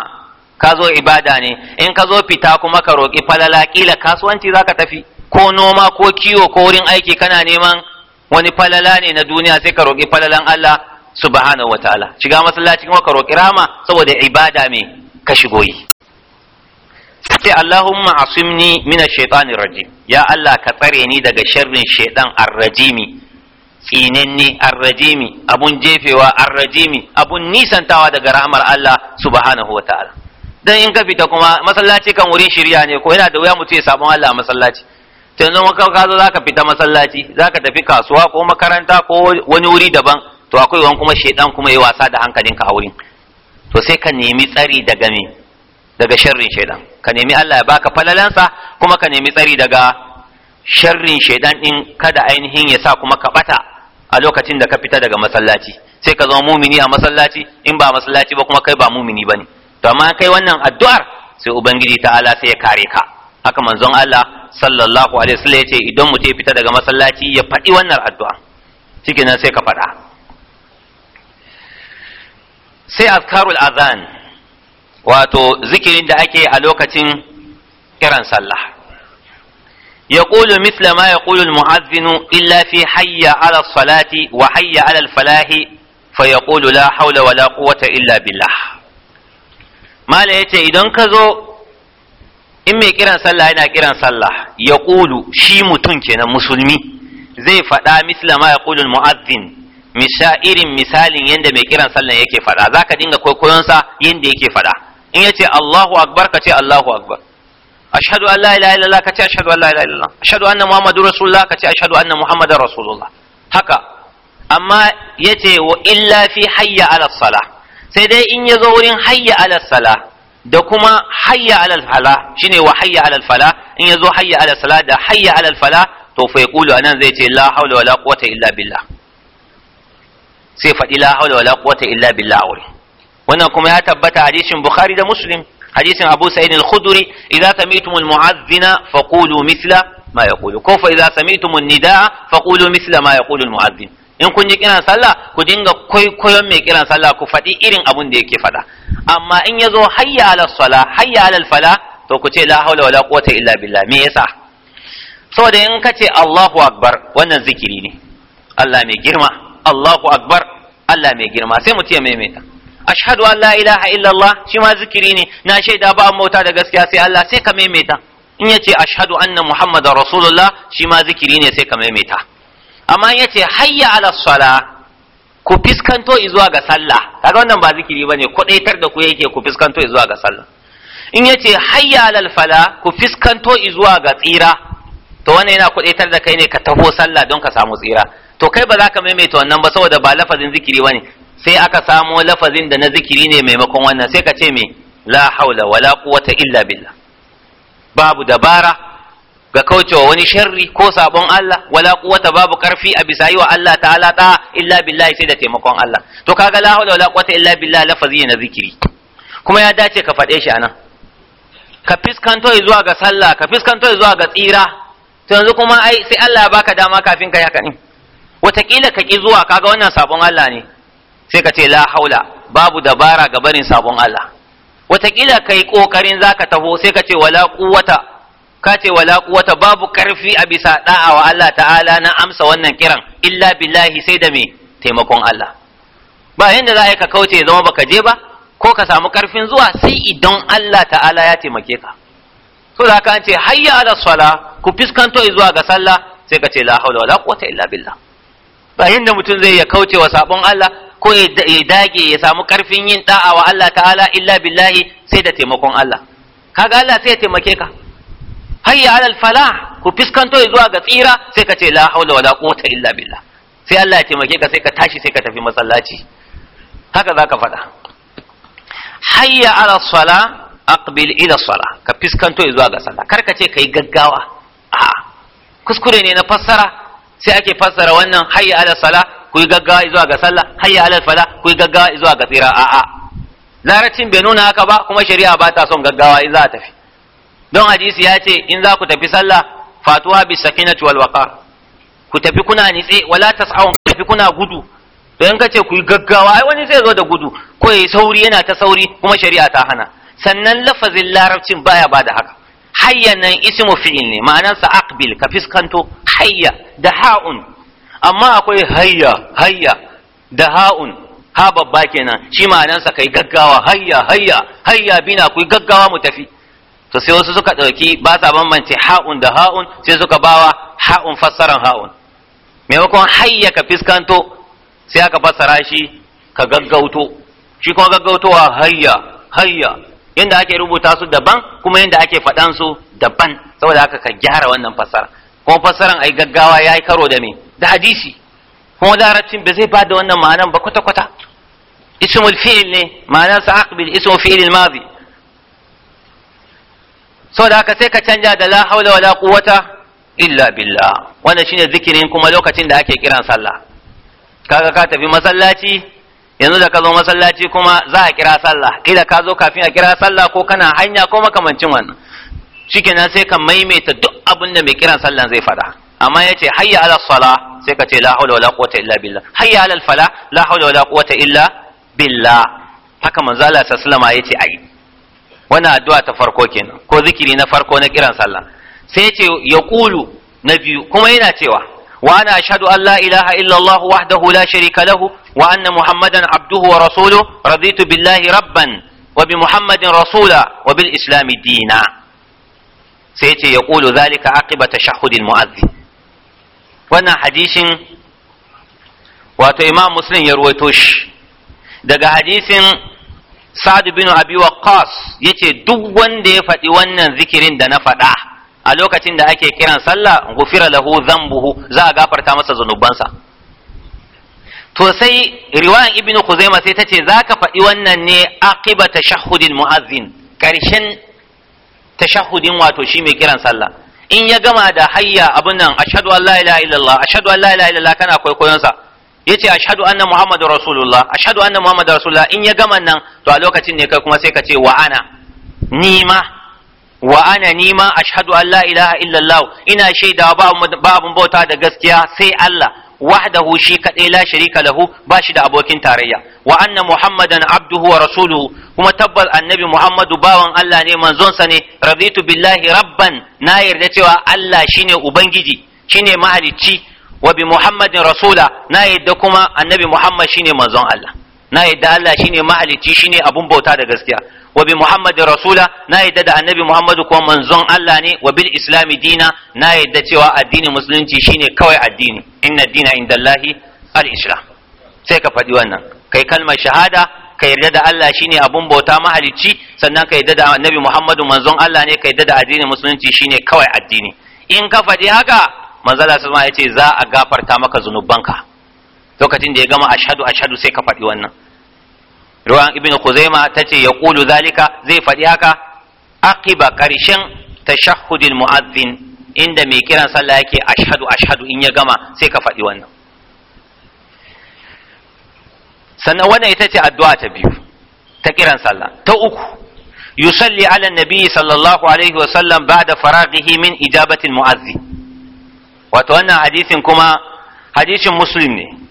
ka zo ibada ne in ka zo fita kuma ka roƙi falala kila kasuwanci zaka tafi ko noma ko kiwo ko wurin aiki kana neman wani falala ne na duniya sai ka roƙi falalan Allah subhanahu wataala shiga masallaci kuma ka roƙi rahama saboda ibada me ka shigo yi sai Allahumma asimni mina shaitanin rajim ya Allah ka tsare ni daga sharrin shaitan an rajimi tsinenni an rajimi abun jefewa an rajimi abun nisantawa daga rahmar Allah subhanahu ta'ala dan in ka fita kuma masallaci kan wurin shirya ne ko yana da wuya mutum ya sabon Allah a masallaci to yanzu ka zo zaka fita masallaci zaka tafi kasuwa ko makaranta ko wani wuri daban to akwai wani kuma kuma yayi wasa da hankalinka a wurin to sai ka nemi tsari daga me daga sharrin shaidan ka nemi Allah ya baka falalansa kuma ka nemi tsari daga sharrin shaidan din kada ainihin ya sa kuma ka bata a lokacin da ka fita daga masallaci sai ka zama mumini a masallaci in ba masallaci ba kuma kai ba mumini bane to amma kai wannan addu'ar sai ubangiji ta'ala sai ya kare ka haka manzon Allah sallallahu alaihi wasallam ya ce idan mutum ya fita daga masallaci ya faɗi wannan addu'a cikin nan sai ka faɗa sai azkarul azan wato zikirin da ake a lokacin kiran sallah ya ƙulu misla ma ya ƙulu mu'azzinu illa fi hayya ala salati wa hayya ala falahi fa ya la haula wa la quwwata illa billa. mala ya ce idan ka zo in mai kiran sallah yana kiran sallah ya ƙulu shi mutum kenan musulmi zai faɗa misla ma ya ƙulu mu'azzinu misa irin misalin yadda mai kiran sallan yake fada, za ka dinga sa yadda yake fada, in ya ce Allahu akbar ka ce Allahu akbar ashhadu an la ilaha illallah ka ce ashhadu an la ilaha illallah ashhadu anna muhammadur rasulullah ka ce ashhadu anna muhammadar rasulullah haka amma yace wa illa fi hayya ala salah sai dai in ya zo wurin hayya ala salah da kuma hayya ala fala shine wa hayya ala fala in ya zo hayya ala salah da hayya ala fala to fa yaqulu anan zai ce la hawla wala quwwata illa billah sai faɗi la haula wala quwwata illa billah aure wannan kuma ya tabbata hadisin bukhari da muslim hadisin abu sa'id al-khudri idza sami'tum al-mu'adhdhina faqulu mithla ma yaqulu ko fa idza sami'tum an-nidaa faqulu mithla ma yaqulu al-mu'adhdhin in kun ji kiran sallah ku dinga kwaikwayon mai kiran sallah ku faɗi irin abun da yake faɗa amma in yazo hayya ala sala hayya ala fala to ku ce la haula wala quwwata illa billah me yasa saboda in ka ce Allahu akbar wannan zikiri ne Allah mai girma Allahu akbar Allah mai girma sai mutum ya maimaita ashhadu an la ilaha illallah shi ma zikiri ne na shaida ba bauta da gaskiya sai Allah sai ka maimaita in yace ashhadu anna muhammadar rasulullah shi ma zikiri ne sai ka maimaita amma in yace hayya ala salah ku fiskanto zuwa ga sallah kaga wannan ba zikiri bane kudaitar da ku yake ku fiskanto zuwa ga sallah in yace hayya alal fala ku fiskanto zuwa ga tsira to wannan yana kudaitar da kai ne ka taho sallah don ka samu tsira to kai ba za ka maimaita wannan ba saboda ba lafazin zikiri ne. sai aka samo lafazin da na zikiri ne maimakon wannan sai ka ce me la haula wala quwwata illa billah babu dabara ga kaucewa wani sharri ko sabon Allah wala quwwata babu karfi a bisa yi wa Allah ta'ala ta illa billah sai da taimakon Allah to kaga la haula wala quwwata illa billah lafazi na zikiri kuma ya dace ka faɗe shi anan ka fiskanto zuwa ga sallah ka fiskanto zuwa ga tsira to yanzu kuma ai sai Allah ya baka dama kafin ka yi haka ne watakila ka ki zuwa kaga wannan sabon Allah ne sai ka ce la haula babu dabara ga barin sabon Allah watakila kai kokarin zaka taho sai ka ce wala quwwata ka ce wala babu karfi a bisa da'a wa Allah ta'ala na amsa wannan kiran illa billahi sai da me taimakon Allah ba yanda za ka kauce zama baka je ba ko ka samu karfin zuwa sai idan Allah ta'ala ya taimake ka so za ka ce hayya ala sala ku fiskanto zuwa ga sallah sai ka ce la haula wala quwwata illa billah ba yanda mutum zai ya kauce wa sabon Allah ko ya dage ya samu karfin yin da'a wa Allah ta'ala illa billahi sai da taimakon Allah kaga Allah sai ya taimake ka hayya alal falah ku fiskanto zuwa ga tsira sai ka ce la haula wala quwwata illa billah sai Allah ya taimake ka sai ka tashi sai ka tafi masallaci haka zaka faɗa hayya ala sala aqbil ila sala ka fiskanto zuwa ga sallah kar ka ce kai gaggawa a kuskure ne na fassara sai ake fassara wannan hayya ala sala ku yi gaggawa zuwa ga sallah hayya ala fala ku yi gaggawa zuwa ga tsira a'a larabcin bai nuna haka ba kuma shari'a ba ta son gaggawa in za a tafi don hadisi ya ce in za ku tafi sallah fatuwa bi sakinati wal waqar ku tafi kuna nitse wala tasaun ku tafi kuna gudu to in kace ku yi gaggawa ai wani zai zo da gudu ko yayi sauri yana ta sauri kuma shari'a ta hana sannan lafazin larabcin baya bada haka hayyan nan ismu fi'il ne ma'anarsa aqbil ka fiskanto hayya da ha'un amma akwai hayya hayya da ha'un ha babba kenan shi ma'anansa kai gaggawa hayya hayya hayya bina ku gaggawa mu tafi to sai wasu suka ɗauki ba sa bambance ha'un da ha'un sai suka bawa ha'un fassaran ha'un maimakon hayya ka fiskanto sai aka fassara shi ka gaggauto shi kuma gaggautowa hayya hayya yadda ake rubuta su daban kuma yadda ake faɗan su daban saboda haka ka gyara wannan fassara ko fassaran ai gaggawa yayi karo da me da hadisi kuma larabcin ba zai wannan ma'anan ba kwata kwata ismul fi'il ne ma'anar sa aqbil ismul fi'il al Sau da haka sai ka canja da la haula wala quwwata illa billah wannan shine zikirin kuma lokacin da ake kiran sallah kaga ka tafi masallaci yanzu da ka zo masallaci kuma za a kira sallah kila ka zo kafin a kira sallah ko kana hanya ko makamancin wannan shikenan sai ka maimaita duk abin da mai kiran sallan zai faɗa amma ya ce hayya ala sala sai ka ce la haula wala quwwata illa billah hayya ala fala la haula wala quwwata illa billah haka manzo Allah sallama ya ce ai wannan addu'a ta farko kenan ko zikiri na farko na kiran sallah sai ya ce yaqulu na biyu kuma yana cewa Wa ana وأنا أشهد أن لا إله إلا الله وحده لا شريك له وأن محمدا عبده ورسوله رضيت muhammadin rasula wa bil وبالإسلام دينا sai ce ya ƙulu zalika aqiba shahudin mu'azzin wannan hadishin wato imam muslim ya ruwaito shi daga hadisin sa'ad bin abi waqqas yace duk wanda ya faɗi wannan zikirin da na faɗa a lokacin da ake kiran sallah gufira lahu dhanbuhu za a gafarta masa zanubansa to sai riwayan ibnu khuzaima sai tace zaka faɗi wannan ne aqiba shahudin mu'azzin karshen tashahudin wato shi mai kiran sallah in ya gama da hayya abun nan ashhadu an la ilaha illallah ashhadu an la ilaha illallah kana kwaikwayon sa yace ashhadu anna muhammadar rasulullah ashhadu anna muhammadar rasulullah in ya gama nan to a lokacin ne kai kuma sai ka ce wa ana nima wa ana nima ashhadu an la ilaha illallah ina shaida ba abun bauta da gaskiya sai Allah wahdahu shi kaɗai la sharika lahu ba shi da abokin tarayya wa anna muhammadan abduhu wa rasuluhu kuma tabbal annabi muhammadu bawan Allah ne manzonsa ne raditu billahi rabban na yarda cewa Allah shine ubangiji shine mahalicci wa bi muhammadin rasula na yarda kuma annabi muhammad shine manzon Allah na yarda Allah shine mahalicci shine abun bauta da gaskiya wa bi muhammadin rasula na yadda da annabi muhammadu kuma manzon Allah ne wa bil islami dina na yadda cewa addinin musulunci shine kawai addini inna dina indallahi al islam sai ka faɗi wannan kai kalmar shahada ka yarda da Allah shine abun bauta mahalicci sannan ka yarda da annabi muhammadu manzon Allah ne ka yarda da addinin musulunci shine kawai addini in ka faɗi haka manzala sallama ya ce za a gafarta maka zunubanka lokacin da ya gama ashadu ashadu sai ka faɗi wannan ruwan ibn khuzaima tace kulu zalika zai faɗi haka aqiba karshen tashahhudil mu'adhdhin inda mai kiran sallah yake ashhadu ashhadu in ya gama sai ka faɗi wannan sannan wannan ita ce addu'a ta biyu ta kiran sallah ta uku yusalli ala nabi sallallahu alaihi wa sallam ba'da faraghihi min ijabatil mu'adhdhin wato wannan hadisin kuma hadisin muslim ne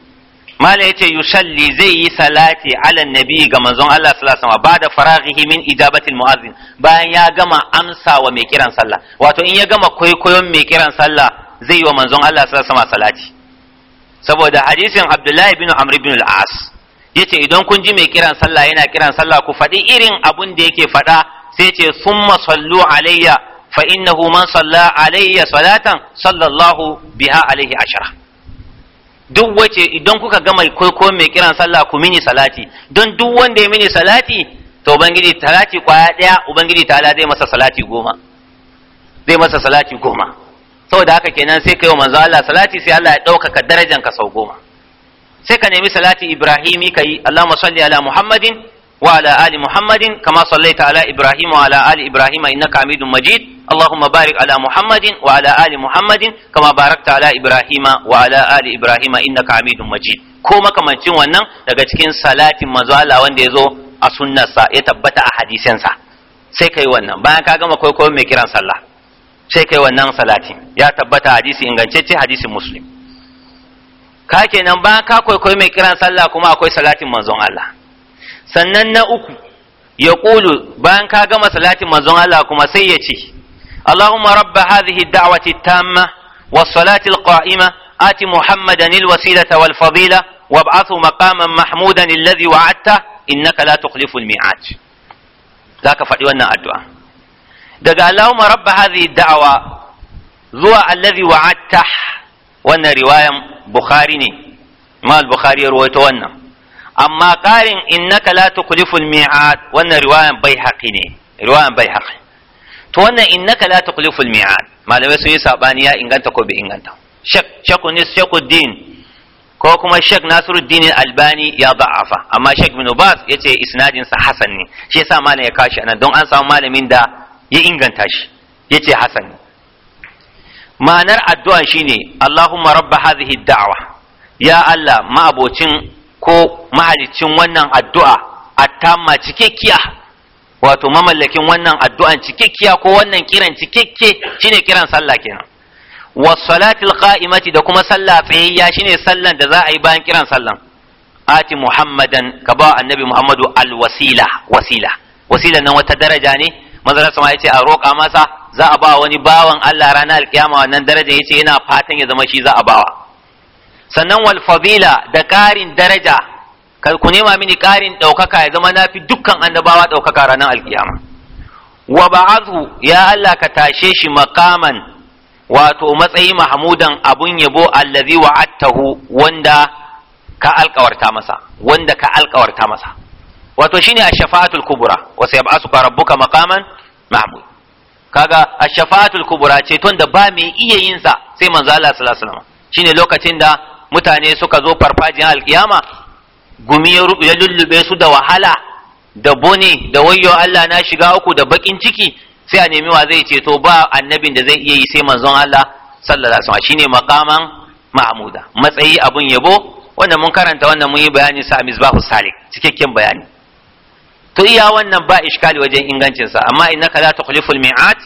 mala yace yusalli zai yi salati ala nabi ga manzon Allah sallallahu alaihi wasallam bada faraghihi min ijabatil muazzin bayan ya gama amsa wa mai kiran sallah wato in ya gama kwaikwayon mai kiran sallah zai yi wa manzon Allah sallallahu alaihi wasallam salati saboda hadisin Abdullahi bin Amr bin al-As yace idan kun ji mai kiran sallah yana kiran sallah ku faɗi irin abun da yake faɗa sai ce summa sallu alayya fa innahu man salla alayya salatan sallallahu biha alaihi ashara duk wace idan kuka ga mai kwaiko mai kiran sallah ku mini salati don duk wanda ya mini salati to ubangiji salati kwaya daya ubangiji ta'ala zai masa salati goma zai masa salati goma saboda haka kenan sai kai wa manzo Allah salati sai Allah ya ɗaukaka darajanka sau goma sai ka nemi salati ibrahimi ka yi Allahumma salli ala muhammadin وعلى آل محمد كما صليت على إبراهيم وعلى آل إبراهيم إنك حميد مجيد اللهم بارك على محمد وعلى آل محمد كما باركت على إبراهيم وعلى آل إبراهيم إنك حميد مجيد ko makamancin wannan daga cikin salatin manzo Allah wanda ya zo a sunnarsa ya tabbata a hadisinsa sai kai wannan bayan ka gama kwaikwayon mai kiran sallah sai kai wannan salatin ya tabbata hadisi ingantacce hadisin muslim ka kenan bayan ka kwaikwayo mai kiran sallah kuma akwai salatin manzon Allah sannan na uku ya ƙulu bayan ka gama salatin manzon Allah kuma sai ya ce Allahumma rabba hadhihi da'wati tamma was salati al-qa'ima ati muhammadan al-wasilata wal fadila wab'athu maqaman mahmudan alladhi wa'adta innaka la tukhlifu al-mi'ad zaka faɗi wannan addu'a daga Allahumma rabba hadhihi da'wa zuwa alladhi wa'adta wannan riwayan Bukhari ne ma al-Bukhari ya ruwaito wannan amma ƙarin innaka la tukhliful mi'ad wannan riwayan bai haƙi ne riwayan bai haƙi to wannan innaka la tukhliful mi'ad malamai sun yi sabani ya inganta ko bai inganta shak shakunis din ko kuma shak nasiruddin albani ya da'afa amma shak bin bas yace isnadin sa hasan ne shi yasa malamin ya kashi anan don an samu malamin da ya inganta shi yace hasan ne ma'anar addu'a shine Allahumma rabba hadhihi da'wa ya Allah ma ma'abocin ko mahalicin wannan addu'a attamma cikekkiya wato mamallakin wannan addu'an cikekkiya ko wannan kiran cikekke shine kiran sallah kenan wasalatil qa'imati da kuma sallah tsayayya shine sallan da za a yi bayan kiran sallan ati muhammadan ka ba annabi muhammadu alwasila wasila wasila nan wata daraja ne manzon sama ce a roƙa masa za a ba wani bawan Allah ranar alkiyama wannan daraja ya ce yana fatan ya zama shi za a bawa sannan wal fadila da ƙarin daraja kar ku nema mini ƙarin ɗaukaka ya zama na fi dukkan annabawa ɗaukaka ranar alkiyama wa ba'athu ya Allah ka tashe shi maqaman wato matsayi mahmudan abun yabo allazi wa'attahu wanda ka alkawarta masa wanda ka alkawarta masa wato shine ash-shafa'atul kubra wa sayab'asuka rabbuka maqaman mahmud kaga ash-shafa'atul kubra ce ton da ba mai iya yin sa sai manzo Allah sallallahu alaihi wasallam shine lokacin da mutane suka zo farfajiyan alkiyama gumi ya lullube su da wahala da bone da wayo Allah na shiga uku da bakin ciki sai a nemi wa zai ceto ba annabin da zai iya yi sai manzon Allah sallallahu alaihi wasallam shine maqaman mahmuda matsayi abun yabo wanda mun karanta wannan mun yi bayani sa misbahu sali, cikakken bayani to iya wannan ba iskali wajen ingancin sa amma innaka la tukhliful mi'at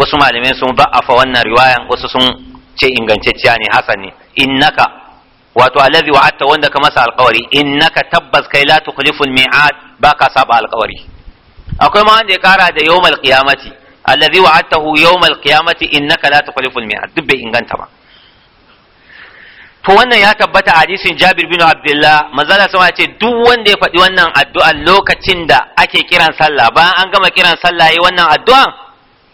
wasu malamai sun ba'afa wannan riwayan wasu sun ce ingantacciya ne hasan ne innaka wato allazi wa'adta wanda ka masa alƙawari innaka tabbas kai la tukhlifu miad baka saba alƙawari akwai ma wanda ya kara da yawmal qiyamati allazi wa'adtahu yawmal qiyamati innaka la tukhlifu miad duk bai inganta ba to wannan ya tabbata hadisin Jabir bin Abdullah manzala sama ya ce duk wanda ya faɗi wannan addu'a lokacin da ake kiran sallah bayan an gama kiran sallah yi wannan addu'a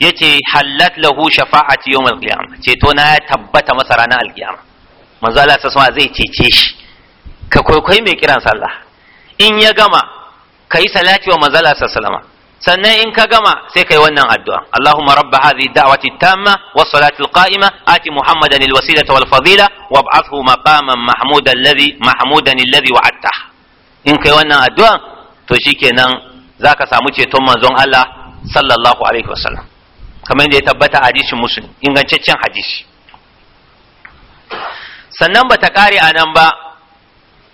yace hallat lahu shafa'ati yawmal qiyamah ce to na ya tabbata masa ranar alqiyama manzo Allah ta sama zai cece shi ka kwaikwayi mai kiran sallah in ya gama ka yi salati wa manzo Allah sallama sannan in ka gama sai ka yi wannan addu'a Allahumma rabba hadhihi da'wati tamma was salati al-qa'ima ati Muhammadan al wasilati wal fadila wab'athhu maqaman mahmudan alladhi mahmudan alladhi wa'adta in kai wannan addu'a to shikenan zaka samu ceton manzon Allah sallallahu alaihi wasallam kamar yadda ya tabbata hadisin muslim ingantaccen hadisi sannan bata kare a nan ba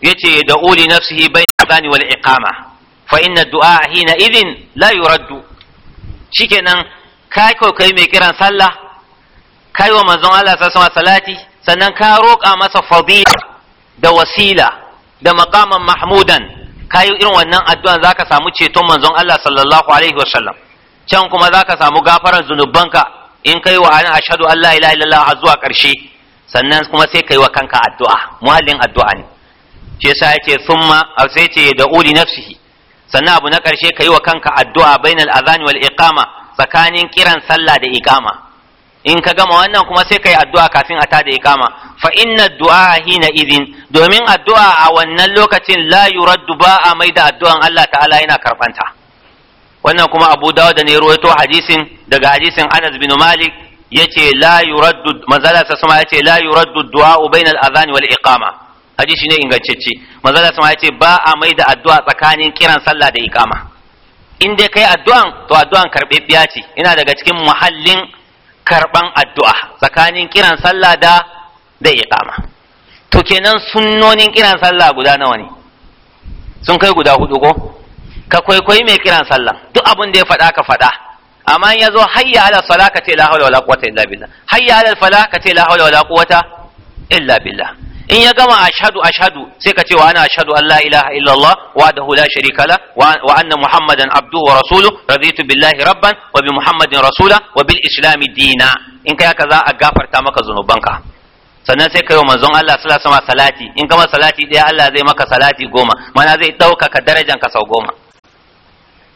yace da uli nafsihi bai zani wal iqama fa inna du'a hina idin la yuraddu shikenan kai ko kai mai kiran sallah yi wa manzon Allah sallallahu alaihi salati sannan ka roƙa masa fadila da wasila da maqaman mahmudan yi irin wannan addu'an zaka samu ceton manzon Allah sallallahu alaihi sallam. can kuma zaka samu gafarar zunubanka in kai wa ana ashhadu an la ilaha illallah zuwa ƙarshe sannan kuma sai kai wa kanka addu'a muhallin addu'a ne shi yasa yake summa sai ce da uli nafsihi sannan abu na karshe kai wa kanka addu'a bainal azani wal iqama tsakanin kiran sallah da iqama in ka gama wannan kuma sai kai addu'a kafin a tada iqama fa inna du'a hina idin domin addu'a a wannan lokacin la yuraddu ba mai da addu'an Allah ta'ala yana karfanta wannan kuma Abu Dawud da ne ruwaito hadisin daga hadisin Anas bin Malik yace la yuraddu mazala sa sama yace la yuraddu du'a al adhan wal iqama hadisi ne ingantacce manzala sama yace ba a mai da addu'a tsakanin kiran sallah da iqama in dai kai addu'an to addu'an karbebbiya ce ina daga cikin muhallin karban addu'a tsakanin kiran sallah da da iqama to kenan sunnonin kiran sallah guda nawa ne sun kai guda hudu ko ka kwaikwayi mai kiran sallah duk abin da ya faɗa ka faɗa amma in yazo hayya ala sala ka ce la hawla wala quwwata illa billah hayya ala fala ka ce la hawla wala quwwata illa billah in ya gama ashhadu ashhadu sai ka ce wa ana ashhadu an la ilaha illallah wahdahu la sharika la wa anna muhammadan abduhu wa rasuluhu raditu billahi rabban wa bi muhammadin rasula wa bil islami dina in kai haka za a gafarta maka zunubanka sannan sai kai yi manzon Allah sallallahu alaihi salati in gama salati ɗaya Allah zai maka salati goma mana zai ka ɗaukaka ka sau goma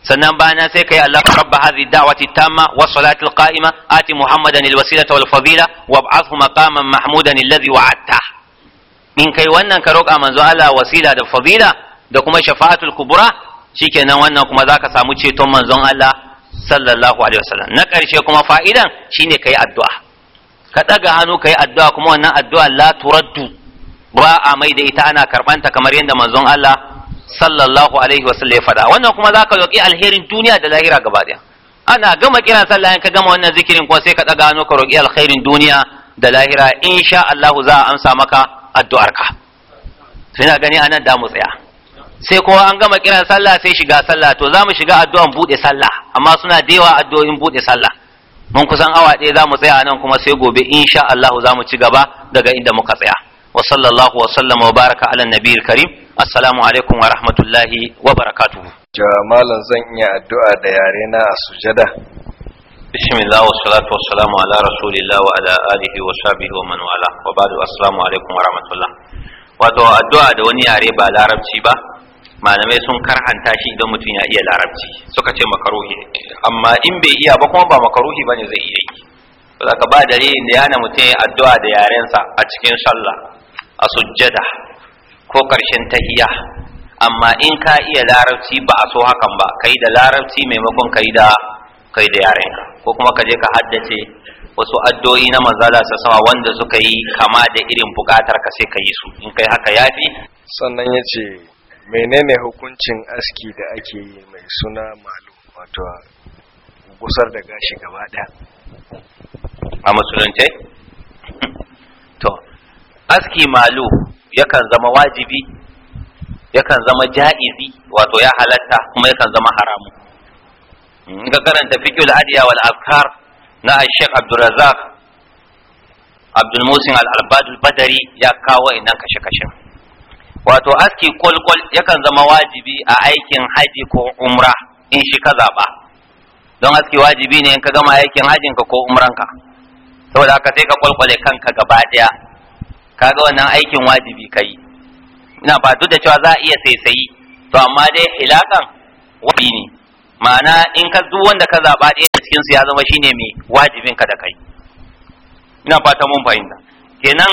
sannan bana sai kai Allah rabba hadhihi da'wati tamma was salati al ati muhammadan al wasilata wal fadila maqaman mahmudan alladhi wa'adta in kai wannan ka roƙa manzo Allah wasila da fadila da kuma shafa'atul kubra shikenan wannan kuma zaka samu ceton manzon Allah sallallahu alaihi wasallam na ƙarshe kuma fa'idan shine kai addu'a ka ɗaga hannu kai addu'a kuma wannan addu'a la turaddu ba a mai da ita ana karɓanta kamar yadda manzon Allah sallallahu alaihi wasallam ya faɗa wannan kuma zaka roki alherin duniya da lahira gaba ana gama kiran sallah in ka gama wannan zikirin kuma sai ka ɗaga hannu ka roki alherin duniya da lahira insha Allah za a amsa maka addu'arka ina gani anan da mu tsaya sai kowa an gama kiran sallah sai shiga sallah to za mu shiga addu'an buɗe sallah amma suna da yawa addu'o'in buɗe sallah mun kusan awa ɗaya za mu tsaya anan kuma sai gobe insha Allah za mu ci gaba daga inda muka tsaya wa sallallahu wa sallama wa baraka ala nabiyil karim assalamu alaikum wa rahmatullahi wa barakatuhu malam zan yi addu'a da yare na a sujada bismillah wa salatu wa salamu ala rasulillah wa ala alihi wa sahbihi wa man wala wa ba'du assalamu alaikum wa rahmatullah wato addu'a da wani yare ba larabci ba malamai sun karhanta shi idan mutum ya iya larabci suka ce makaruhi amma in bai iya ba kuma ba makaruhi bane zai iya yi ka ba dalilin da yana mutum addu'a da yarensa a cikin sallah a sujjada ko ƙarshen tahiya amma in ka iya larabci ba a so hakan ba kai da larabci maimakon kai da kai da yarenka ko kuma ka je ka haddace wasu addu'o'i na manzala da sama wanda suka yi kama da irin bukatar ka sai ka yi su in kai haka yafi sannan ya ce menene hukuncin aski da ake yi mai suna malu wato gusar da gashi gaba ɗaya a masulunce to aski malu yakan zama wajibi yakan zama ja'izi wato ya halatta kuma yakan zama haramu ga hmm, karanta fiqhul adiya wal afkar na Sheikh Abdul Razzaq Abdul Musin al-Albad al-Badari ya kawo inan kashe-kashe wato aski kolkol yakan zama wajibi a aikin haji ko umra in shi ka zaba don aski wajibi ne in ka gama aikin hajin ka ko umranka saboda haka sai ka kwalkwale kanka gaba daya kaga wannan aikin wajibi kai ina ba duk da cewa za a iya saisayi to amma dai hilakan wajibi ne ma'ana in ka duk wanda ka zaba ɗaya a cikin su ya zama shine mai wajibin ka da kai ina fata mun fahimta kenan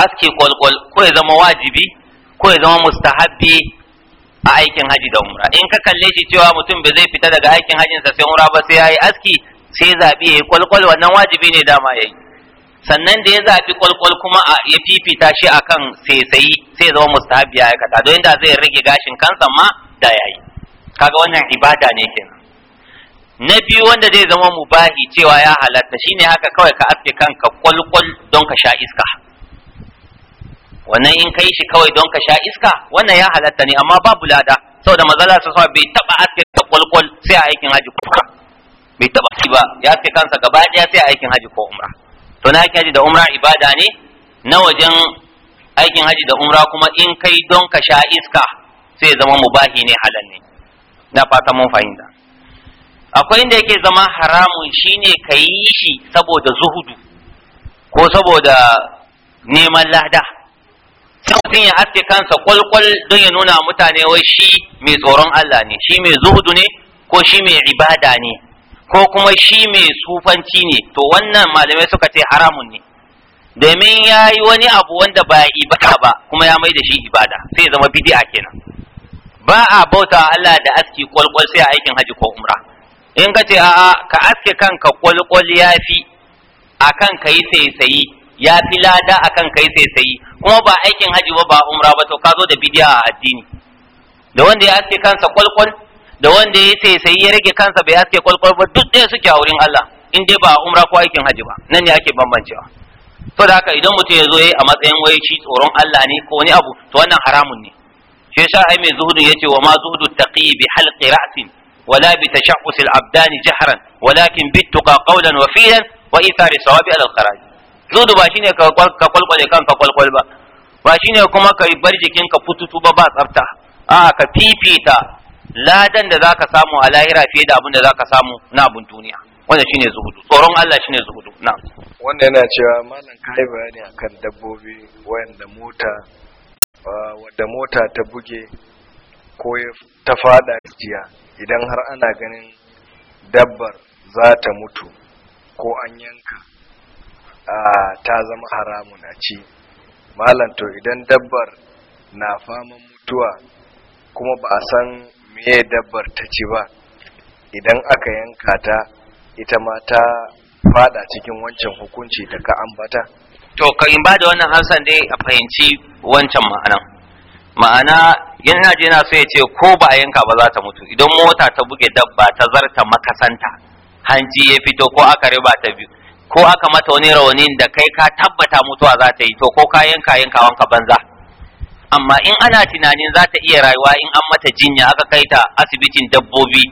aske kwalkwal ko ya zama wajibi ko ya zama mustahabbi a aikin haji da umra in ka kalle shi cewa mutum bai zai fita daga aikin hajinsa sai umra ba sai yayi aski sai zaɓi yayi yi kwalkwal wannan wajibi ne dama ya yi sannan da ya zaɓi kwalkwal kuma ya fifita shi akan saisayi sai zama mustahabi ya aikata don da zai rage gashin kansa ma da ya yi kaga wannan ibada ne kenan na biyu wanda zai zama mubahi cewa ya halatta shine haka kawai ka aske kanka kwalkwal don ka sha iska wannan in kai shi kawai don ka sha iska wannan ya halatta ne amma babu lada saboda mazala su bai taba aske ta kwalkwal sai a aikin haji ko bai taba shi ba ya aske kansa gaba daya sai a aikin haji ko umra to na aikin haji da umra ibada ne na wajen aikin haji da umra kuma in kai don ka sha iska sai zama mubahi ne halal ne na fata mun fahimta akwai inda yake zama haramun shine ka yi shi saboda zuhudu ko saboda neman lada sai mutum ya haske kansa kwalkwal don ya nuna mutane wai shi mai tsoron Allah ne shi mai zuhudu ne ko shi mai ibada ne ko kuma shi mai sufanci ne to wannan malamai suka ce haramun ne domin ya yi wani abu wanda ba ibada ba kuma ya mai da shi ibada sai zama bid'a kenan ba a bauta Allah da aski kwalkwal sai a aikin haji ko umra in ka ce a'a ka aske kanka kwalkwal ya fi akan ka yi saisayi ya fi lada akan ka yi saisayi kuma ba aikin haji ba ba umra ba to ka zo da bid'a a addini da wanda ya aske kansa kwalkwal da wanda ya sai sai ya rage kansa bai aske kwalkwal ba duk ɗaya suke a wurin Allah in dai ba umra ko aikin haji ba nan ne ake bambancewa to da haka idan mutum ya zo yayi a matsayin wai tsoron Allah ne ko wani abu to wannan haramun ne shi yasa ai mai zuhudu yace wa ma zuhudu taqi bi halqi ra'sin wala bi tashaqqus al-abdan jahran walakin bi tuqa qawlan wa fi'lan wa ithar sawabi ala al-kharaj zuhudu ba shine ka kwalkwale kanka kwalkwal ba ba shine kuma ka bar jikinka fututu ba ba tsafta a ka fifita ladan da zaka samu a lahira fiye da abin da zaka samu na abin duniya wanda shine zuhudu tsoron Allah shine zuhudu na'am wanda yana cewa malam kai bayani akan dabbobi wayanda mota wanda mota ta buge ko ta fada jiya idan har ana ganin dabbar za ta mutu ko an yanka ta zama haramun a ci malam to idan dabbar na faman mutuwa kuma ba a san me dabbar ta ci ba idan aka yanka ta ita ma ta fada cikin wancan hukunci da ka ambata to in ba da wannan hasan dai a fahimci wancan ma'anan ma'ana yana je na so ya ce ko ba yanka ba za ta mutu idan mota ta buge dabba ta zarta makasanta hanji ya fito ko aka riba ta biyu ko aka mata wani rawanin da kai ka tabbata mutuwa za ta yi to ko ka yanka yankawanka banza amma in ana tunanin za ta iya rayuwa in an mata jinya aka kai ta asibitin dabbobi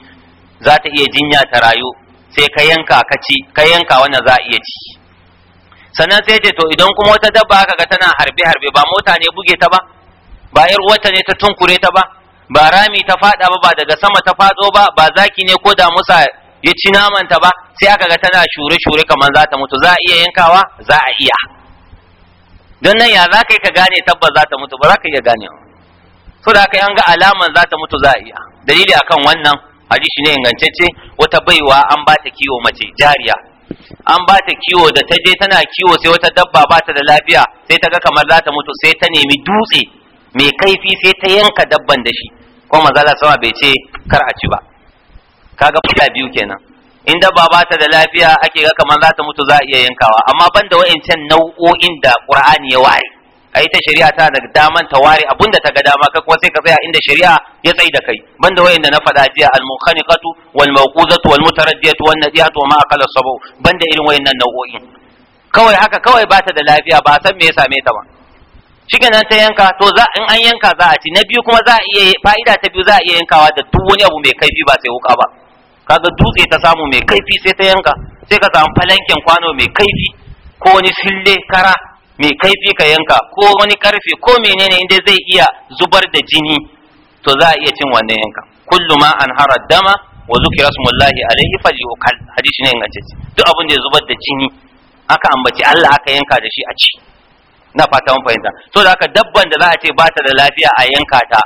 za ta iya jinya ta rayu sai ka yanka ka ci ka yanka wannan za iya ci sannan sai ce to idan kuma wata dabba aka ga tana harbe harbe ba mota ne buge ta ba ba yar wata ne ta tunkure ta ba ba rami ta fada ba ba daga sama ta fado ba ba zaki ne ko da musa ya ci naman ta ba sai aka ga tana shure shure kamar za ta mutu za a iya yankawa za a iya don nan ya za ka yi ka gane tabbas za ta mutu ba za ka iya gane ba so da aka yi an ga alaman za ta mutu za a iya dalili akan wannan hadisi ne ingantacce wata baiwa an ba ta kiwo mace jariya an ba ta kiwo da ta je tana kiwo sai wata dabba ba ta da lafiya sai ta ga kamar za ta mutu sai ta nemi dutse mai kaifi sai ta yanka dabban da shi kuma maza sama bai ce kar a ci ba kaga fita biyu kenan in dabba ba ta da lafiya ake ga kamar za ta mutu za a iya yankawa amma ban da wa'ancan nau'o'in da qur'ani ya ware a ita shari'a ta da daman ta ware abun da ta ga dama ka kuma sai ka tsaya inda shari'a ya tsai da kai ban da wa'anda na faɗa jiya al-munkhaniqatu wal mawquzatu wal mutaraddiyatu wan nadiyatu wa ma aqala sabu ban da irin wa'annan nau'o'in kawai haka kawai ba ta da lafiya ba san me ya same ta ba shike nan ta yanka to za in an yanka za a ci na biyu kuma za a iya fa'ida ta biyu za a iya yankawa da duk wani abu mai kaifi ba sai wuka ba kaga dutse ta samu mai kaifi sai ta yanka sai ka samu falanken kwano mai kaifi ko wani sille kara mai kaifi ka yanka ko wani karfe ko menene inda zai iya zubar da jini to za a iya cin wannan yanka kullu ma an hara dama wa zukira smullahi alaihi yuqal hadisi ne ingantacce duk abin da ya zubar da jini aka ambaci Allah aka yanka da shi a ci na fata mun fahimta saboda da haka dabban da za a ce ba ta da lafiya a yanka ta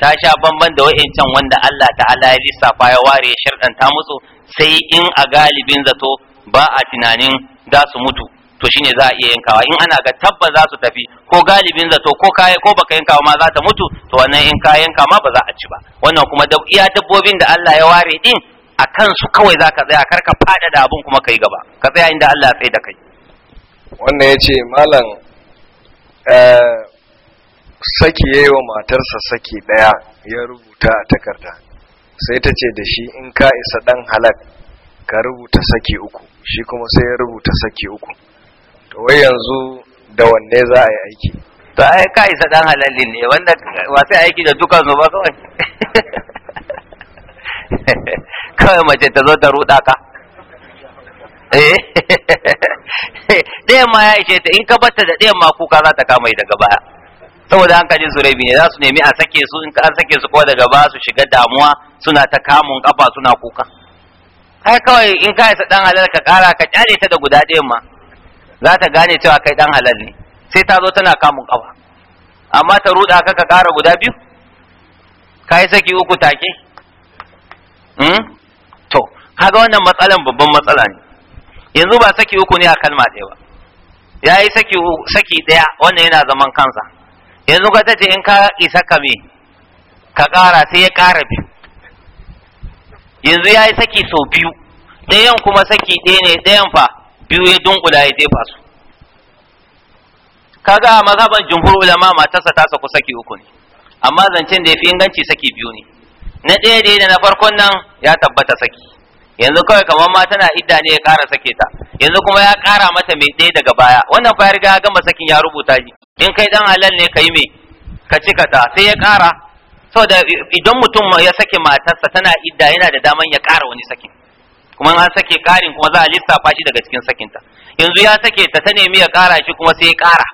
ta sha bamban da wa'incan wanda Allah ta'ala ya lissafa ya ware ya sharɗanta musu sai in a galibin zato ba a tunanin za su mutu to shine za a iya yankawa in ana ga tabba za su tafi ko galibin zato ko kaya ko baka yankawa ma za ta mutu to wannan in ka yanka ma ba za a ci ba wannan kuma iya dabbobin da Allah ya ware din a kansu kawai za ka tsaya kar ka fada da abun kuma kai gaba ka tsaya inda Allah ya tsaye da kai wannan ya ce malam eh, saki ya yi wa matarsa saki ɗaya ya rubuta a takarda sai ta ce da shi in ka isa ɗan halak ka rubuta saki uku shi kuma sai ya rubuta saki uku to wai yanzu da wanne za a yi aiki to ai ka isa ɗan halalin ne wanda wasu aiki da dukansu ba kawai kawai mace ta zo ta ruɗa ka eh? ɗayan ma ya ishe ta in ka batta da ɗayan ma kuka za ta kama daga baya saboda hankalin su rabi ne za su nemi a sake su in an sake su kuma daga ba su shiga damuwa suna ta kamun kafa suna kuka kai kawai in ka isa dan halal ka kara ka kyale ta da guda ɗaya ma za ta gane cewa kai dan halal ne sai ta zo tana kamun kafa amma ta ruda ka ka kara guda biyu ka yi saki uku take hmm? to ka ga wannan matsalan babban matsala ne yanzu ba saki uku ne a kalma ɗaya ba ya yi saki ɗaya wannan yana zaman kansa yanzu ka tace in ka isa ka me ka ƙara sai ya ƙara biyu yanzu ya yi saki sau biyu ɗayan kuma saki ɗaya ne ɗayan fa biyu ya dunƙula ya jefa su kaga a mazhaban jumhur ulama matarsa ta ku saki uku ne amma zancen da ya fi inganci saki biyu ne na ɗaya da da na farkon nan ya tabbata saki yanzu kawai kamar ma tana idda ne ya ƙara sake yanzu kuma ya ƙara mata mai ɗaya daga baya wannan fa ya riga gama sakin ya rubuta shi in kai dan halal ne kai me ka ci ka sai ya ƙara da idan mutum ya sake matarsa tana idda yana da daman ya kara wani sakin kuma an sake karin kuma za a lissafa shi daga cikin sakinta yanzu ya sake ta ta nemi ya kara shi kuma sai ya kara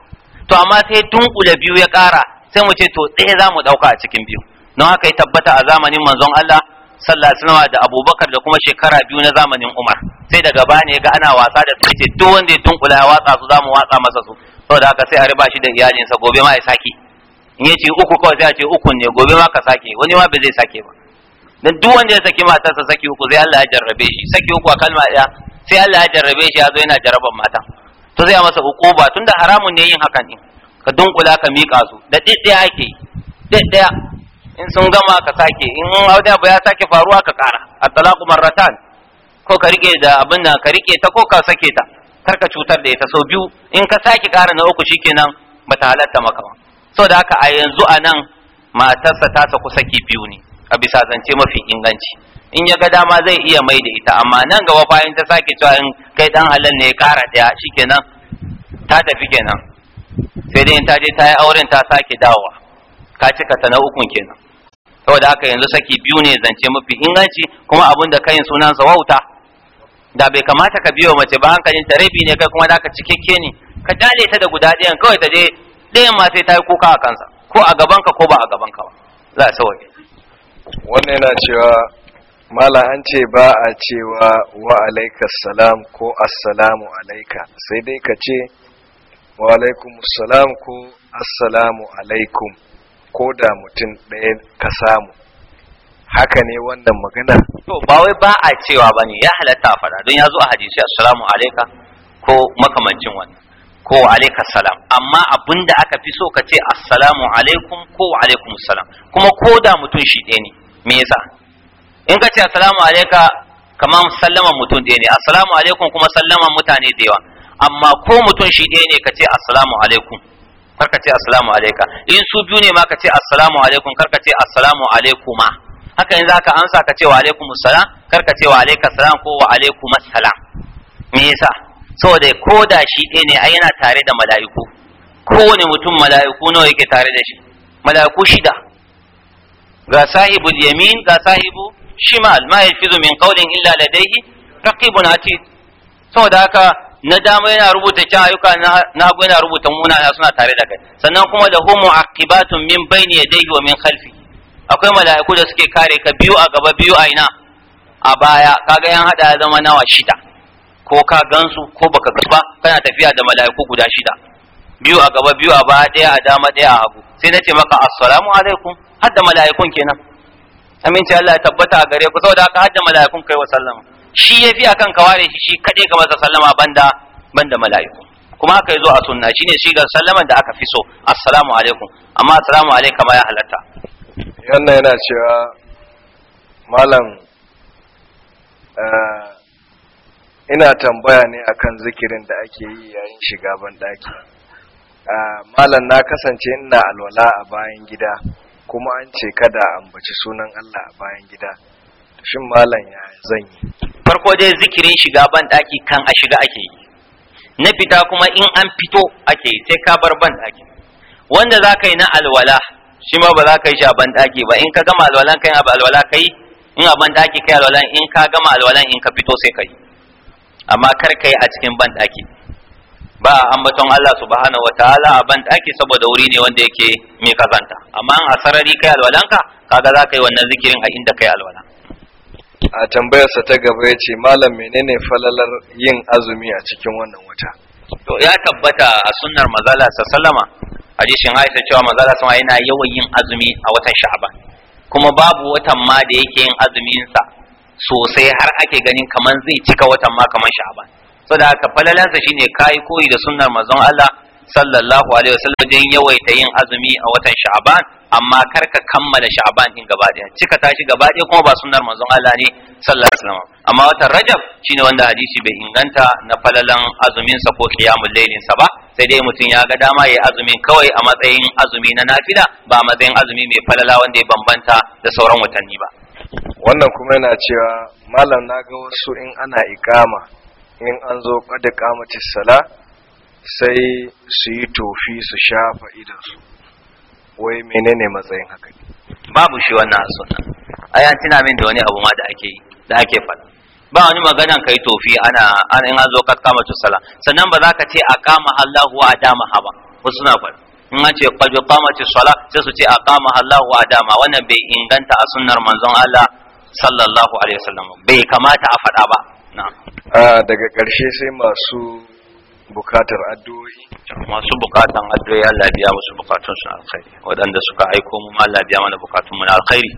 to amma sai tunkula biyu ya kara sai mu ce to ɗaya za mu ɗauka a cikin biyu don haka ya tabbata a zamanin manzon Allah sallallahu alaihi wasallam da Abubakar da kuma shekara biyu na zamanin Umar sai daga bane ne ga ana wasa da su ce duk wanda ya tunkula ya watsa su za mu watsa masa su saboda haka sai a riba shi da iyalinsa gobe ma ya sake in ya ce uku kawai sai a ce ukun ne gobe ma ka sake wani ma ba zai sake ba dan duk wanda ya saki matarsa saki uku sai Allah ya jarrabe shi saki uku a kalma ɗaya sai Allah ya jarrabe shi ya zo yana jarraban mata to zai masa hukuba tunda haramun ne yin hakan din ka dunkula ka mika su da ɗiɗɗaya ake yi ɗiɗɗaya in sun gama ka sake in wani abu ya sake faruwa ka kara at-talaqu marratan ko ka rike da abin nan ka rike ta ko ka sake ta karka cutar da ita sau biyu in ka sake kara na uku shikenan ta halatta maka ba da haka a yanzu a nan matarsa ta saku saki biyu ne a bisa zance mafi inganci in ya ga dama zai iya mai da ita amma nan gaba bayan ta sake cewa in kai dan halal ne ya kara ɗaya shikenan ta tafi kenan sai dai in ta je ta yi auren ta sake dawowa ka cika ta na ukun kenan saboda haka yanzu saki biyu ne zance mafi inganci kuma abin da kayin sunan sa wauta da bai kamata ka biyo mace ba hankalin ta rabi ne kai kuma da ka cikakke ne ka dale ta da guda ɗayan kawai ta je ɗayan ma sai ta yi kuka a kansa ko a gaban ka ko ba a gaban ka ba za a sauke wannan yana cewa mala an ce ba a cewa wa alaika salam ko assalamu alaika sai dai ka ce wa alaikum salam ko assalamu alaikum ko da mutum ɗaya ka samu haka ne wannan magana to ba wai ba a cewa bane ya halatta fada don ya zo a hadisi assalamu alayka ko makamancin wannan ko wa alayka salam amma abinda aka fi so ka ce assalamu alaikum ko wa alaikum salam kuma ko da mutum shi ɗaya ne me yasa in ka ce assalamu alayka kamar sallama mutum ɗaya ne assalamu alaikum kuma sallama mutane da yawa amma ko mutum shi ɗaya ne ka ce assalamu alaikum kar ka ce assalamu alayka in su biyu ne ma ka ce assalamu alaikum kar ka ce assalamu ma. haka yanzu ka amsa ka ce wa alaikumus salam kar ka ce wa alaikas salam ko wa alaikumus salam me yasa saboda ko da shi ɗaya ne ai yana tare da mala'iku kowane mutum mala'iku nawa yake tare da shi mala'iku shida ga sahibul yamin ga sahibu shimal ma yafizu min qawlin illa ladayhi raqibun atid saboda haka na dama yana rubuta kyan ayyuka na hagu yana rubuta munana suna tare da kai sannan kuma da hu mu'aqibatun min bayni yadayhi wa min khalfi akwai mala'iku da suke kare ka biyu a gaba biyu a ina a baya kaga yan hada ya zama nawa shida ko ka gansu ko baka gasu ba kana tafiya da mala'iku guda shida biyu a gaba biyu a baya daya a dama daya a hagu sai nace maka assalamu alaikum har da mala'ikun kenan aminci Allah ya tabbata a gare ku saboda haka har da mala'ikun kai wa sallama shi ya fi akan ka ware shi shi kadai ka masa sallama banda banda mala'iku kuma haka yazo a sunna shine shigar sallaman da aka fi so assalamu alaikum amma assalamu alaikum ya halatta yana yana cewa malam eh, ina tambaya ne akan zikirin da ake yi yayin shiga banɗaki eh, malam na kasance ina alwala a bayan gida kuma an ce kada ambaci sunan Allah a bayan gida shin malam ya zan yi farko dai zikirin shiga banɗaki kan a shiga ake yi na fita kuma in an fito ake yi sai ka bar banɗaki wanda za ka yi na alwala shi ma ba za ka yi shi a banɗaki ba in ka gama alwalan kai a alwala kai in a banɗaki kai alwalan in ka gama alwalan in ka fito sai kai, amma kar ka a cikin banɗaki ba a ambaton Allah subhanahu wataala a banɗaki saboda wuri ne wanda yake mai kazanta amma in a sarari kai ka kaga za ka yi wannan zikirin a inda kai alwala a tambayarsa ta gaba ya ce malam menene falalar yin azumi a cikin wannan wata to ya tabbata a sunnar sa sallama hadisin Aisha cewa mazala sun yana yawan yin azumi a watan Sha'ban kuma babu watan ma da yake yin azumin sa sosai har ake ganin kaman zai cika watan ma kaman Sha'ban saboda haka falalansa shine kai koyi da sunnar manzon Allah sallallahu alaihi wasallam don yawaita yin azumi a watan Sha'ban amma kar ka kammala sha'ban din gaba daya cika tashi gaba daya kuma ba sunnar manzon Allah ne sallallahu alaihi wasallam amma watan rajab shine wanda hadisi bai inganta na falalan azumin sa ko qiyamul lailin sa ba sai dai mutum ya ga dama yayi azumin kawai a matsayin azumi na nafila ba a matsayin azumi mai falala wanda ya bambanta da sauran watanni ba wannan kuma yana cewa malam na ga wasu in ana ikama in an zo kada kamatis sala sai su yi tofi su shafa su wai menene matsayin haka babu shi wannan asuna. ayan an tuna min da wani abu ma da ake yi da ake faɗa ba wani magana kai tofi ana an in zo ka kama tu sala sannan ba za ka ce aqama Allahu wa adama haba wasu suna faɗa in an ce qad qamati sala sai su ce aqama Allahu wa adama wannan bai inganta a sunnar manzon Allah sallallahu alaihi wasallam bai kamata a faɗa ba na'am daga ƙarshe sai masu bukatar addu'o'i masu bukatan addu'o'i Allah ya biya musu bukatun su alkhairi wadanda suka aiko mu Allah ya biya mana bukatun mu alkhairi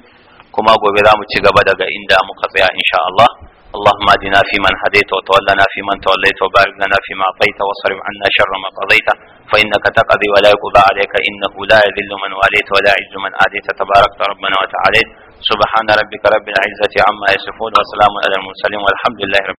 kuma gobe za mu ci gaba daga inda muka tsaya insha Allah اللهم اهدنا فيمن هديت وتولنا فيمن توليت وبارك لنا فيما اعطيت واصرف عنا شر ما قضيت فانك تقضي ولا يقضى عليك انه لا يذل من واليت ولا يعز من اديت تبارك ربنا وتعاليت سبحان ربك رب العزه عما يصفون وسلام على المرسلين والحمد لله رب